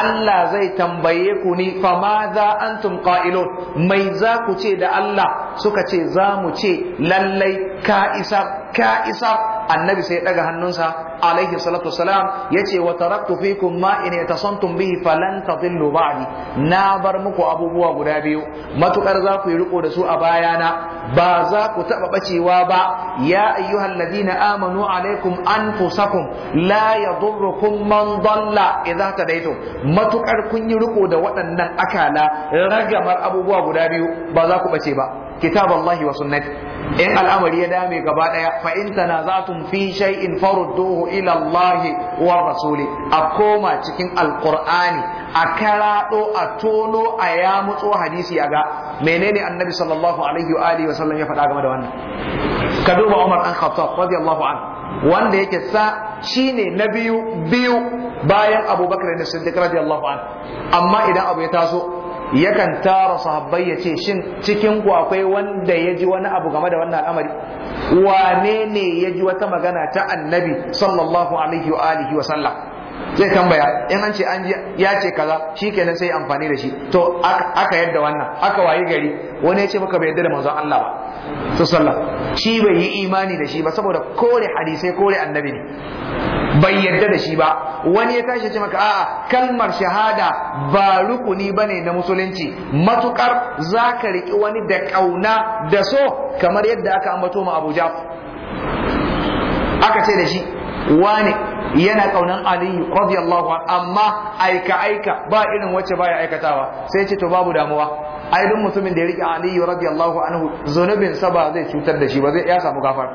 Allah zai tambaye ku ni fa ma za antum qailun mai za ku ce da Allah suka ce za mu ce lallai ka isa ka isa annabi sai daga hannunsa alaihi salatu wassalam yace wa taraktu fikum ma in yatasantum bihi falan tadillu ba'di na bar muku abubuwa guda biyu matukar za ku yi riko da su a bayana ba za ku taba bacewa ba ya ayyuhal ladina amanu alaikum anfusakum la yadurrukum man dalla idza tadaitum matukar kun yi riko da waɗannan akala ragamar abubuwa guda biyu ba za ku bace ba kitaballahi wa sunnati in al'amari ya dame gaba daya fa in tanazatum fi shay'in farudduhu ila Allah wa rasuli a koma cikin alqur'ani a karado a tono a ya mutso hadisi a ga menene annabi sallallahu alaihi wa alihi wa sallam ya faɗa game da wannan ka duba Umar an Khattab radiyallahu anhu wanda yake sa shine na biyu biyu bayan Abubakar da Siddiq radiyallahu anhu amma idan abu ya taso yakan tara sahabbai ya ce shin cikin ku akwai wanda ya ji wani abu game da wannan al'amari wane ne ya ji wata magana ta annabi sallallahu alaihi wa alihi wa sallam zai tambaya in an ce an ya ce kaza kenan sai amfani da shi to aka yadda wannan aka wayi gari wani ya ce maka bai yadda da manzon Allah ba to sallah shi bai yi imani da shi ba saboda kore hadisai kore annabi ne bai yadda da shi ba wani ya tashi ce maka a'a kalmar shahada ba rukuni bane na musulunci matukar zaka riki wani da kauna da so kamar yadda aka ambato mu Abuja aka ce da shi wane yana kaunan Aliyu radiyallahu anhu amma aika aika ba irin wacce baya aikatawa sai ce to babu damuwa ai duk mutumin da ya rike Ali radiyallahu anhu zunubin sa ba zai cutar da shi ba zai ya samu gafar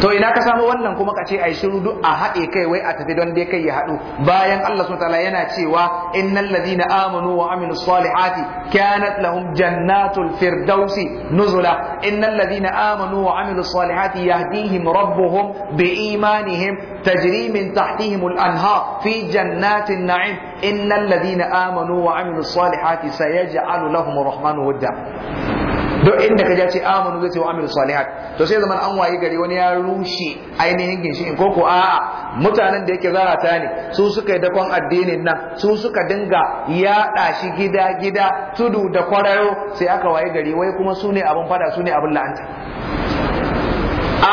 to ina ka samu wannan kuma ka ce ai shiru duk a haɗe kai wai a tafi don dai kai ya haɗu bayan Allah subhanahu wataala yana cewa innal ladina amanu wa amilu salihati kanat lahum jannatul firdausi nuzula innal ladina amanu wa amilu salihati yahdihim rabbuhum bi imanihim tajri min tahtihim al fi jannatin na'im innal ladina amanu wa amilu salihati sayaj'alu lahum rahmanu wadda duk inda ka ce amanu zai ce wa amil salihat to sai zaman an wayi gari wani ya rushe ainihin ginshikin ko ko a'a mutanen da yake zarata ne su suka yi dakon addinin nan su suka dinga yaɗa shi gida gida tudu da kwararo sai aka wayi gari wai kuma su ne abin fada su ne abin la'anta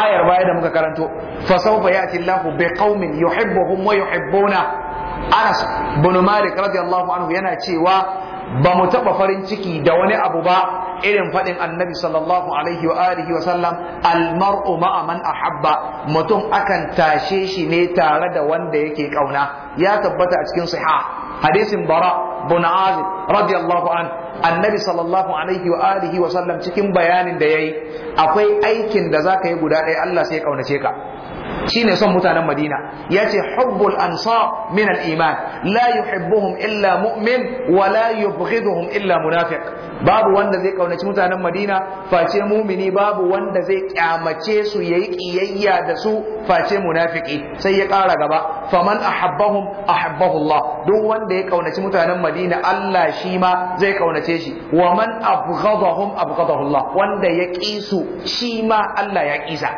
ayar baya da muka karanto fa sawfa ya'ti Allahu bi qaumin yuhibbuhum wa yuhibbuna Anas bin Malik radiyallahu anhu yana cewa ba mu taɓa farin ciki da wani abu ba irin faɗin annabi sallallahu alaihi wa alihi wa sallam almar'u ma'a man ahabba mutum akan tashe shi ne tare da wanda yake kauna ya tabbata a cikin siha, hadisin bara bin azib radiyallahu an annabi sallallahu alaihi wa alihi wa sallam cikin bayanin da yayi akwai aikin da zaka yi guda ɗaya Allah sai ya kaunace ka Shi ne son mutanen Madina ce hubbul ansar min al-iman la yuhibbuhum illa mu'min wa la yubghiduhum illa munafiq babu wanda zai kaunaci mutanen Madina face mumini babu wanda zai kyamace su yayi kiyayya da su face munafiki sai ya kara gaba faman ahabbahum ahabbahu Allah duk wanda ya kaunaci mutanen Madina Allah shi ma zai kaunace shi wa man abghadahum abghadahu Allah wanda ya kisu shi ma Allah ya kisa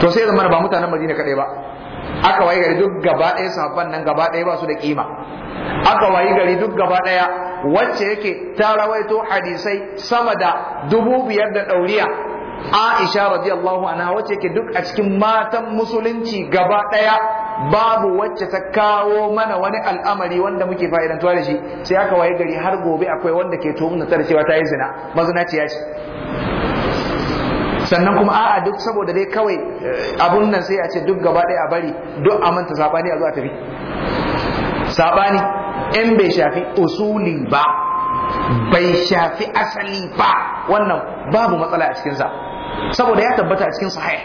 to sai zama ba mutanen madina kadai ba aka wayi gari duk gaba ɗaya sahabban nan gaba ɗaya ba su da kima
aka wayi gari duk
gaba ɗaya wacce yake ta rawaito hadisai sama da dubu biyar da ɗauriya Aisha radiyallahu anha wacce yake duk a cikin matan musulunci gaba ɗaya babu wacce ta kawo mana wani al'amari wanda muke fa'idantuwa da shi sai aka wayi gari har gobe akwai wanda ke tuhumta da cewa ta yi zina ya ce sannan kuma a'a duk saboda dai kawai eh, abun nan sai a ce duk gaba ɗaya a bari duk a manta sabani a zuwa tafi sabani in bai shafi usuli ba bai shafi asali ba wannan babu matsala a cikinsa saboda ya tabbata a cikin sahih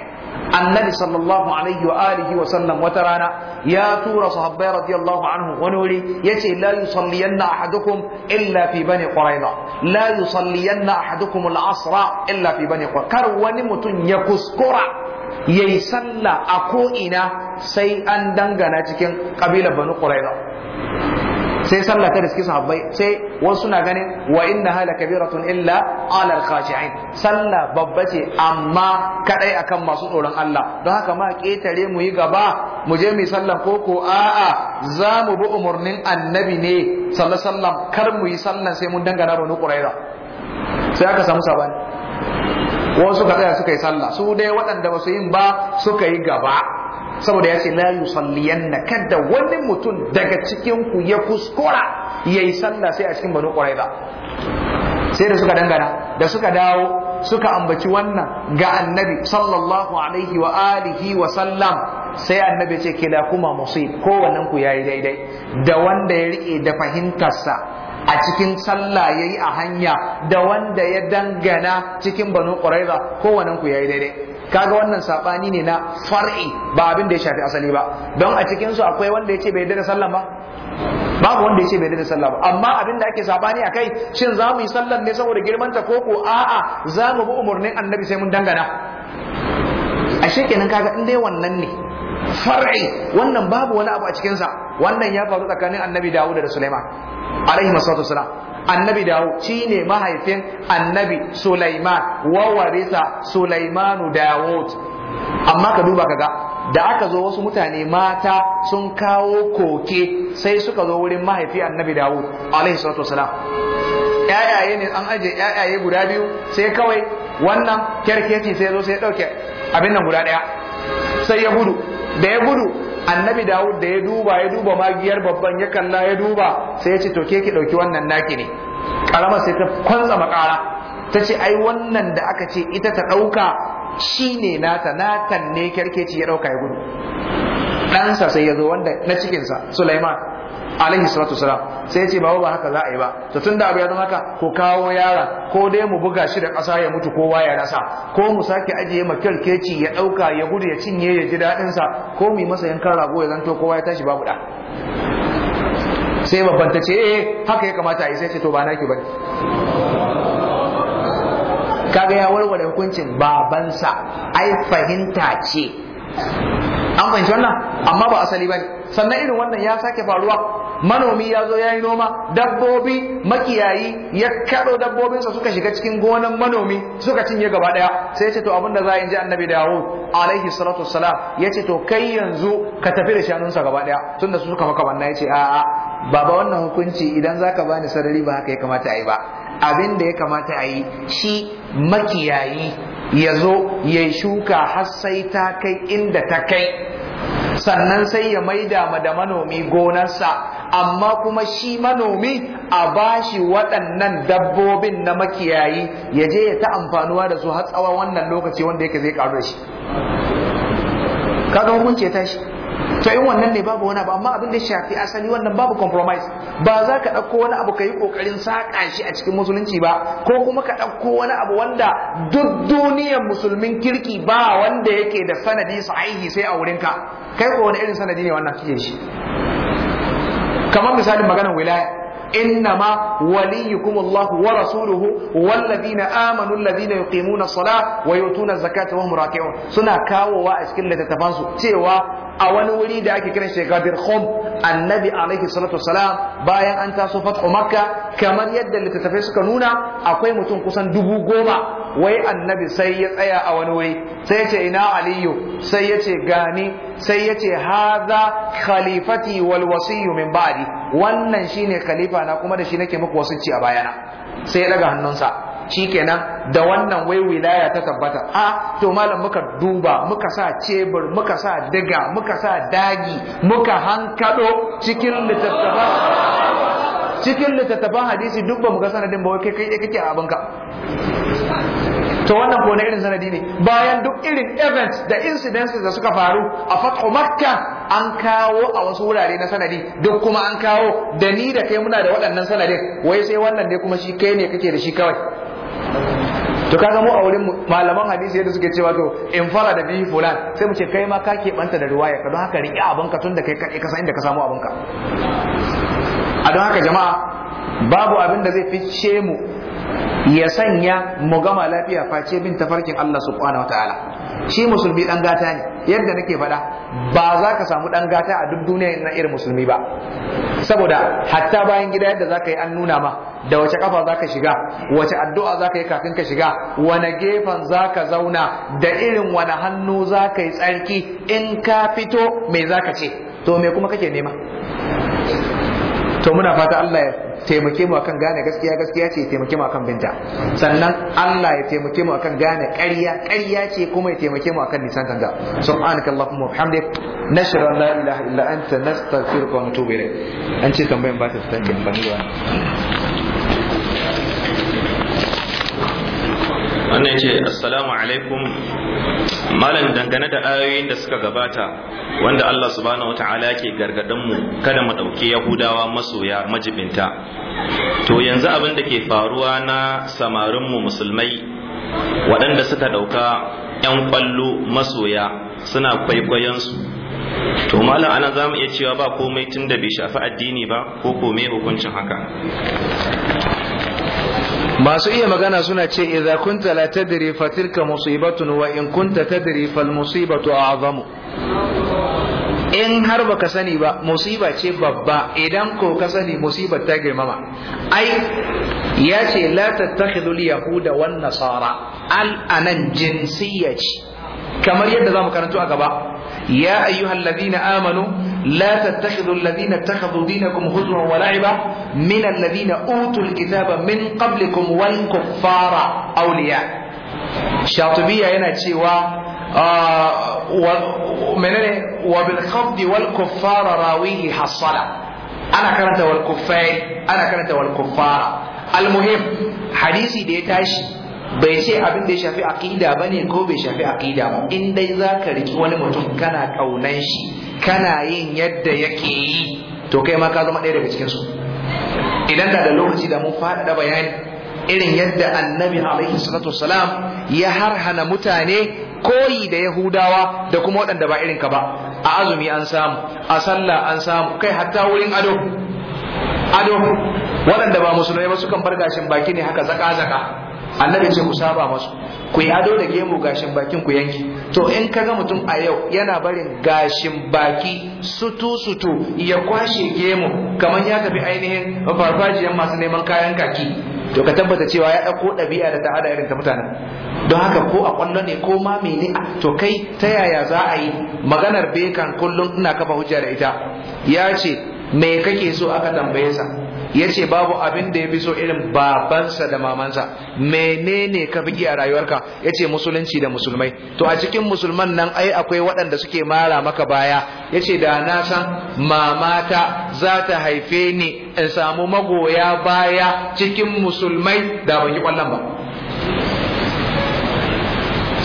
annabi sallallahu alaihi wa alihi wa sallam wata rana ya tura sahabbai radiyallahu anhu wani wuri yace la yusalliyanna ahadukum illa fi bani qurayza la yusalliyanna ahadukum al-asra illa fi bani qurayza kar wani mutum ya kuskura yayi sallah a ko ina sai an dangana cikin kabilar bani qurayza sai sallah ta suke sahabbai sai wasu suna ganin wa inna hala kabiratun illa ala khashi'in sallah babba ce amma kadai akan masu tsoron Allah don haka ma ketare mu yi gaba mu je mu sallah ko ko a'a za mu bi umurnin annabi ne sallallahu alaihi wasallam kar mu yi sallah sai mun dangana da qurayza sai aka samu sabani wasu ka tsaya suka yi sallah su dai waɗanda ba su yin ba suka yi gaba saboda ya ce la yusalliyanna kada wani mutum daga cikin ku ya kuskura yayi sallah sai a cikin banu quraiza sai da suka dangana da suka dawo suka ambaci wannan ga annabi sallallahu alaihi wa alihi wa sallam sai annabi ce kila kuma musib wannan ku yayi daidai da wanda ya rike da fahimtarsa a cikin sallah yayi a hanya da wanda ya dangana cikin banu quraiza wannan ku yayi daidai kaga wannan sabani ne na far'i ba abin da ya shafi asali ba don a cikin su akwai wanda yace bai da sallan ba babu wanda yace bai da sallah ba amma abin da ake sabani akai shin za mu yi sallan ne saboda girman ko ko? a'a za mu bi umurnin annabi sai mun dangana ashe kenan kaga in dai wannan ne far'i wannan babu wani abu a cikinsa wannan ya faru tsakanin annabi Dawud da Sulaiman alaihi wasallatu annabi dawo shi mahaifin annabi sulaiman wa sulaimanu dawud amma ka duba kaga da aka zo wasu mutane mata sun kawo koke sai suka zo wurin mahaifi annabi dawud alaihi salatu wasalam yayaye ne an aje yayaye guda biyu sai kawai wannan kerkeci sai zo sai dauke abin nan guda daya sai ya gudu da ya gudu annabi dawud da ya duba ya duba magiyar babban ya kalla ya duba sai ya ce to ke ki dauki wannan naki ne karama sai ta kwanza makara ta ce ai wannan da aka ce ita ta dauka shine nata natan ne kyarkeci ya dauka ya gudu ɗansa sai ya zo wanda na cikinsa Sulaiman alaihi salatu wasalam sai ya ce baba ba haka za a yi ba to tunda abu ya zama haka ko kawo yara ko dai mu buga shi da ƙasa ya mutu kowa ya rasa ko mu sake ajiye ma keci ya ɗauka ya gudu ya cinye ya ji daɗin sa ko mu yi masa yankan rago ya zanto kowa ya tashi babu da sai babban ta ce eh haka ya kamata a yi sai ce to ba naki bane kaga ya warware hukuncin babansa ai fahimta ce an fahimci wannan amma ba asali bane sannan irin wannan ya sake faruwa manomi ya zo ya yi noma dabbobi makiyayi ya karo dabbobinsa suka shiga cikin gonan manomi suka cinye gaba daya sai ya ce to abinda za a yi ji annabi da yawo alaihi salatu wassalam ya ce to kai yanzu ka tafi da shanunsa gaba daya tunda su suka maka wannan ya ce a'a baba wannan hukunci idan zaka bani sarari ba haka ya kamata a yi ba abin da ya kamata a yi shi makiyayi ya zo ya shuka har sai ta kai inda ta kai sannan sai ya maida ma da manomi gonarsa amma kuma shi manomi a bashi waɗannan dabbobin na makiyayi ya je ya ta amfanuwa da su har tsawon wannan lokaci wanda yake zai karu da shi kaga hukunce ta shi to in wannan ne babu wani abu amma abin da shafi asali wannan babu compromise ba za ka ɗauko wani abu ka yi ƙoƙarin saƙa shi a cikin musulunci ba ko kuma ka ɗauko wani abu wanda duk duniyar musulmin kirki ba wanda yake da sanadi sahihi sai a wurinka kai ko wani irin sanadi ne wannan kike shi kamar misalin maganar wilaya إنما وليكم الله ورسوله والذين آمنوا الذين يقيمون الصلاة ويؤتون الزكاة وهم راكعون سنة كاو وأسكلة تتفاصل تيوا a wani wuri da ake kira shi gadir khum annabi alaihi salatu wasalam bayan an taso fatu makka kamar yadda littattafai suka nuna akwai mutum kusan dubu goma wai annabi sai ya tsaya a wani wai sai ya ce ina aliyu sai ya ce gani sai ya ce haza khalifati wal wasiyu min ba'di wannan shine khalifa na kuma da shi nake muku ci a bayana sai ya daga hannunsa shikenan da wannan wai wilaya ta tabbata a to malam muka duba muka sa cebur muka sa diga muka sa dagi muka hankado cikin
littattafan
cikin littattafan hadisi duk ba mu ga sanadin ba wai kai kai kake a ka to wannan ko na irin sanadi ne bayan duk irin events da incidences da suka faru a fatu makka an kawo a wasu wurare na sanadi duk kuma an kawo da ni da kai muna da waɗannan sanadin wai sai wannan ne kuma shi kai ne kake da shi kawai to kaga mu a wurin malaman hadisi yadda suke cewa to in fara da bihi fulan sai mu ce kai ma ka keɓanta da riwaya ka don haka riƙe abinka tun da kai kaɗai ka san inda ka samu
abinka
a don haka jama'a babu abin da zai fice mu ya sanya mu gama lafiya face bin tafarkin Allah subhanahu wataala shi musulmi dan gata ne yadda nake faɗa ba za ka samu dan gata a duk duniya na irin musulmi ba saboda hatta bayan gida yadda za ka yi an nuna ma da wace kafa za ka shiga wace addu'a za ka yi kafin ka shiga wane gefen za ka zauna da irin wane hannu za ka yi tsarki in ka fito mai za ka ce to me kuma kake nema to muna fata Allah ya taimake mu akan gane gaskiya gaskiya ce ya taimake mu akan binta sannan Allah ya taimake mu akan gane ƙarya ƙarya ce kuma ya taimake mu akan nisan kanta subhanaka allahumma wa bihamdik la ilaha illa anta nastaghfiruka wa natubu ilayk an ce tambayan ba ta fita ke ban
wannan ce assalamu alaikum malam dangane da ayoyin da suka gabata wanda Allah subhanahu ta'ala ke gargaɗin mu kada mu ɗauki yahudawa masoya majibinta to yanzu abin da ke faruwa na samarin mu musulmai waɗanda suka ɗauka 'yan ƙwallo masoya suna kwaikwayon su to malam ana za mu iya cewa ba komai tun da bai shafi addini ba ko komai hukuncin haka
masu iya magana suna ce idza kunta la tadri fa tilka musibatun wa in kunta tadri fal musibatu a'zamu in har baka sani ba musiba ce babba idan ko ka sani musibar ta girmama ai ya ce la tattakhidul yahuda wan nasara al anan jinsiyya kamar yadda za mu karanto a gaba ya ayyuhal ladina amanu لا تتخذوا الذين اتخذوا دينكم هزوا ولعبا من الذين أوتوا الكتاب من قبلكم والكفار أولياء
الشاطبية
هنا تشيوا آه وبالخفض والكفار راويه حصلة أنا كانت والكفار أنا كانت والكفار المهم حديثي ديتاشي bai ce abin da ya shafi ba bane ko bai shafi aqida ba in dai zaka riki wani mutum kana kaunan shi kana yin yadda yake yi to kai ma ka zama ɗaya daga cikin idan da da lokaci da mun faɗaɗa bayani irin yadda annabi alaihi salatu wassalam ya harhana mutane koyi da yahudawa da kuma waɗanda ba irinka ba a azumi an samu a sallah an samu kai hatta wurin ado ado waɗanda ba musulmai ba sukan bar gashin baki ne haka zaka zaka annabi ce ku saba masu ku yi ado da gemu gashin bakin ku yanki to in ka ga mutum a yau yana barin gashin baki sutu sutu ya kwashe gemu kamar ya tafi ainihin farfajiyan masu neman kayan kaki to ka tabbata cewa ya ɗauko ɗabi'a da ta'ada irin ta mutanen don haka ko a kwallo ne ko ma mene to kai ta yaya za a yi maganar bekan kullum ina kafa hujja da ita ya ce me kake so aka tambaye sa yace babu abin da yafi so irin babansa da mamansa menene ka fi a rayuwarka yace musulunci da musulmai to a cikin musulman nan ai akwai waɗanda suke mara maka baya yace da na san mamata za ta haife ni in samu magoya baya cikin musulmai da ban yi kwallon ba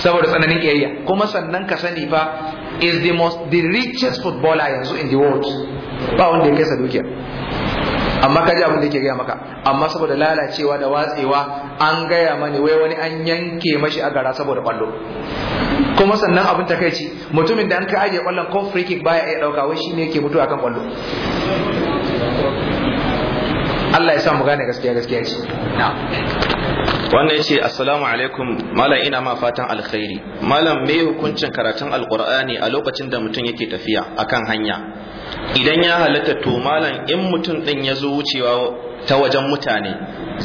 saboda tsananin iyayya kuma sannan ka sani fa is the most the richest footballer yanzu in the world ba wanda ya kai sa dukiya amma kaji abin da yake gaya maka amma saboda lalacewa da watsewa an gaya mani wai wani an yanke mashi a gara saboda kwallo kuma sannan abin takaici mutumin da an ka ajiye kwallon kon free kick baya iya dauka wai shine yake mutuwa akan kwallo Allah ya sa mu gane gaskiya gaskiya ce
wannan ce assalamu alaikum malam ina ma fatan alkhairi malam me hukuncin karatun alqur'ani a lokacin da mutum yake tafiya akan hanya idan ya halatta to malam in mutum din ya zo wucewa ta wajen mutane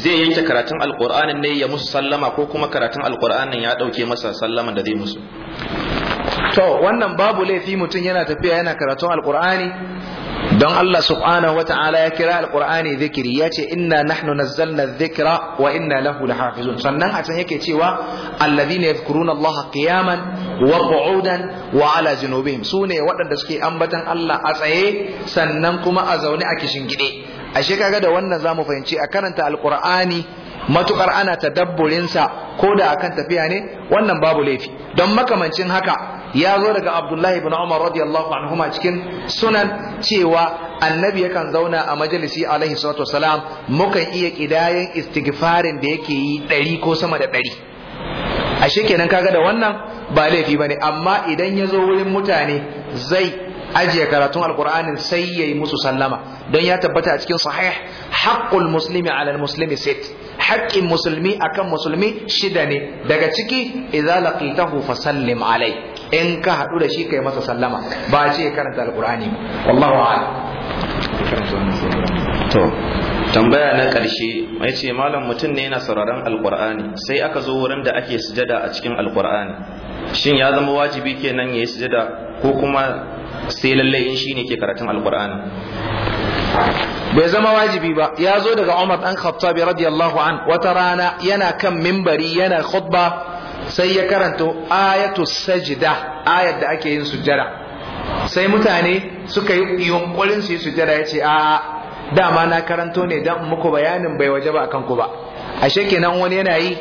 zai yanke karatun alkur'anin ne ya musu sallama ko kuma karatun alkur'anin ya ɗauke masa sallaman da zai musu
to wannan babu laifi mutum yana tafiya yana karatun alkur'ani don Allah subhanahu wa ta'ala ya kira alkur'ani zikiri ya ce inna nahnu nazzalna dhikra wa inna lahu lahafizun sannan a can yake cewa alladhina yadhkuruna Allah qiyaman wa qu'udan wa ala junubihim sune waɗanda suke ambatan Allah a tsaye sannan kuma a zaune a kishin gide ashe kaga da wannan zamu fahimci a karanta alqur'ani matukar ana tadabburin sa ko da akan tafiya ne wannan babu laifi don makamancin haka ya zo daga Abdullahi ibn Umar radiyallahu anhuma cikin sunan cewa annabi yakan zauna a majalisi alaihi salatu wasalam mukan iya kidayen istighfarin da yake yi ɗari ko sama da ɗari ashe kenan kaga da wannan ba laifi bane amma idan ya zo wurin mutane zai ajiye karatun alqur'anin sai yayi musu sallama don ya tabbata a cikin sahih haqqul muslimi ala muslimi sit haqqin musulmi akan musulmi shida ne daga ciki idza laqitahu fasallim alai in ka hadu da shi kai masa sallama ba ce karanta alqur'ani wallahu a'lam
to tambaya na ƙarshe mai ce malam mutum ne yana sauraron alkur'ani sai aka zo wurin da ake sujada a cikin alkur'ani shin ya zama wajibi kenan ya yi sujada ko kuma sai lallai in shi ne ke karatun alkur'ani
bai zama wajibi ba ya zo daga umar dan khattab radiyallahu an wata rana yana kan mimbari yana khutba sai ya karanta ayatu sajda ayat da ake yin sujada sai mutane suka yi yunkurin su yi sujada ya ce a. dama na karanto ne dan muku bayanin bai waje ba akan ku ba ashe kenan wani yana yi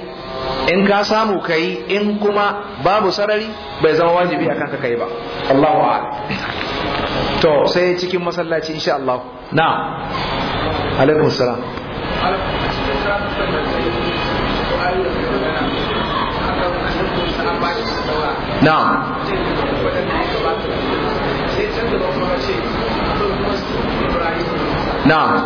in ka samu kai in kuma babu sarari bai zama wajibi akan ka kai ba Allahu to sai cikin masallaci insha Allah na'am alaikum salam na'am na'am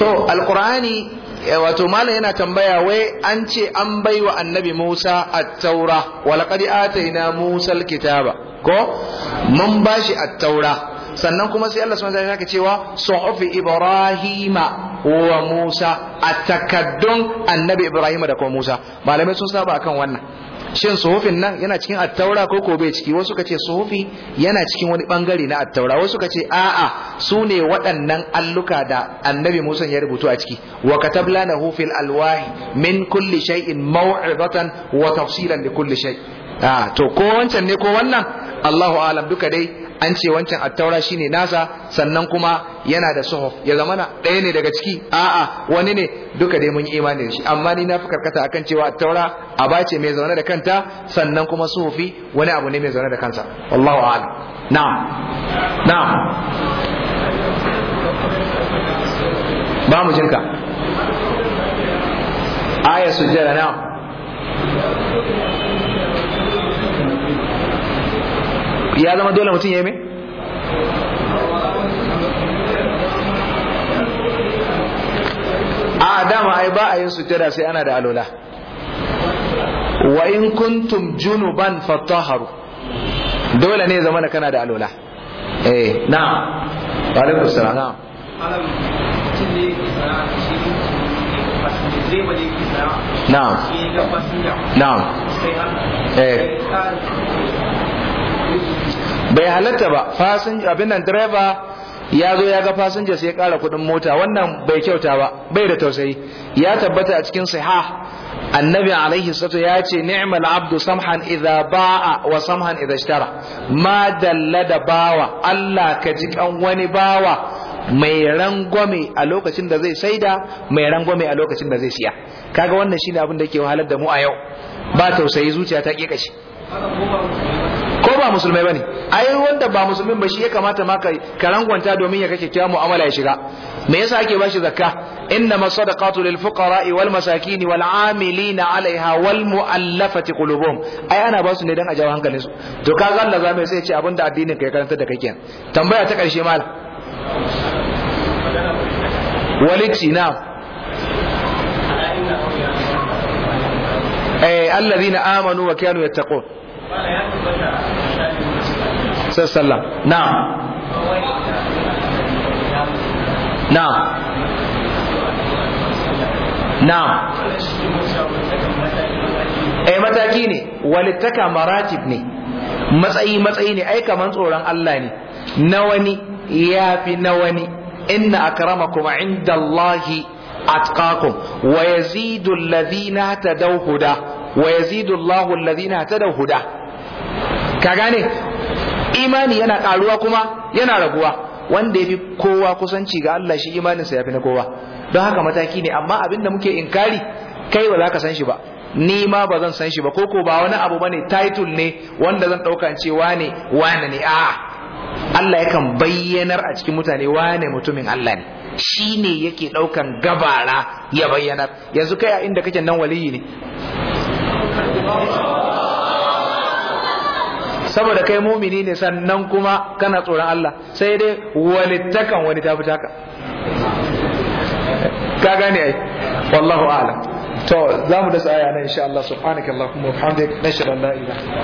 to alqur'ani eh, wato malam yana tambaya wai an ce an bai wa annabi Musa at-taura wa laqad Musa al-kitaba ko mun bashi at-taura sannan kuma sai Allah subhanahu wa cewa suhufi Ibrahima wa Musa at-takaddun annabi Ibrahima da kuma Musa malamai sun saba akan wannan shin suhufin nan yana cikin attaura ko ko bai ciki wasu kace suhufi yana cikin wani bangare na attaura wasu kace a'a su ne waɗannan alluka da annabi Musa ya rubutu a ciki wa katabla nahu fil alwahi min kulli shay'in maw'izatan wa tafsilan li kulli shay ah to ko wancan ne ko wannan Allahu alam duka dai an ce wancan attaura shine nasa sannan kuma yana da suhuf ya zamana ɗaya ne daga ciki a'a wani ne duka dai mun yi imani da shi amma ni na fi karkata akan cewa attaura a bace mai zaune da kanta sannan kuma suhufi wani abu ne mai zaune da kansa wallahu a'lam na'am na'am ba mu jinka aya sujjada na'am ya zama dole mutum ya yi mai a dama ai ba a yin sutura sai ana da alola wa in kuntum junuban fattaharu dole ne zama da kana da alola eh na wa alaikum salam na na'am eh bai halatta ba fasinja abin nan direba ya zo ya ga fasinja sai ya kara kuɗin mota wannan bai kyauta ba bai da tausayi ya tabbata a cikin sahih annabi alaihi sato ya ce ni'mal abdu samhan idza ba'a wa samhan idza ishtara ma dalla da bawa Allah ka ji kan wani bawa mai rangwame a lokacin da zai saida mai rangwame a lokacin da zai siya kaga wannan shine abin da yake wahalar da mu a yau ba tausayi zuciya ta kekashi ba musulmai bane ai wanda ba musulmin ba shi ya kamata ma ka rangwanta domin ya kake kyamu amala ya shiga me yasa ake bashi zakka inna masadaqatu lil fuqara wal masakin wal amilina alaiha wal muallafati qulubuhum ai ana ba su ne dan a jawo hankalin su to kaga Allah zamai sai ya ce abinda addinin kai karanta da kake tambaya ta karshe mal walici na eh alladhina amanu wa kanu yattaqun sallam na'am na'am eh mataki ne walittaka maratib ne matsayi matsayi ne ai kaman tsoron Allah ne na wani yafi na wani inna akramakum indallahi atqakum wa yazidu alladhina tadaw huda wa yazidu Allahu alladhina tadaw huda ka gane imani yana karuwa kuma yana raguwa wanda ya fi kowa kusanci ga Allah shi imaninsa ya fi na kowa don haka mataki ne amma abin da muke inkari kai ba za ka san shi ba ni ma ba zan san shi ba ko ko ba wani abu bane title ne wanda zan dauka cewa ne wane ne a Allah yakan bayyanar a cikin mutane wane mutumin Allah ne shi ne yake ɗaukan gabara ya bayyanar yanzu kai a inda kake nan waliyi ne saboda kai mumini ne sannan kuma kana tsoron Allah sai dai walittakan wani ta fi taka ka gane ai wallahu a'lam to za mu dasa aya nan insha Allah subhanakallahumma wa bihamdika nashhadu an la ilaha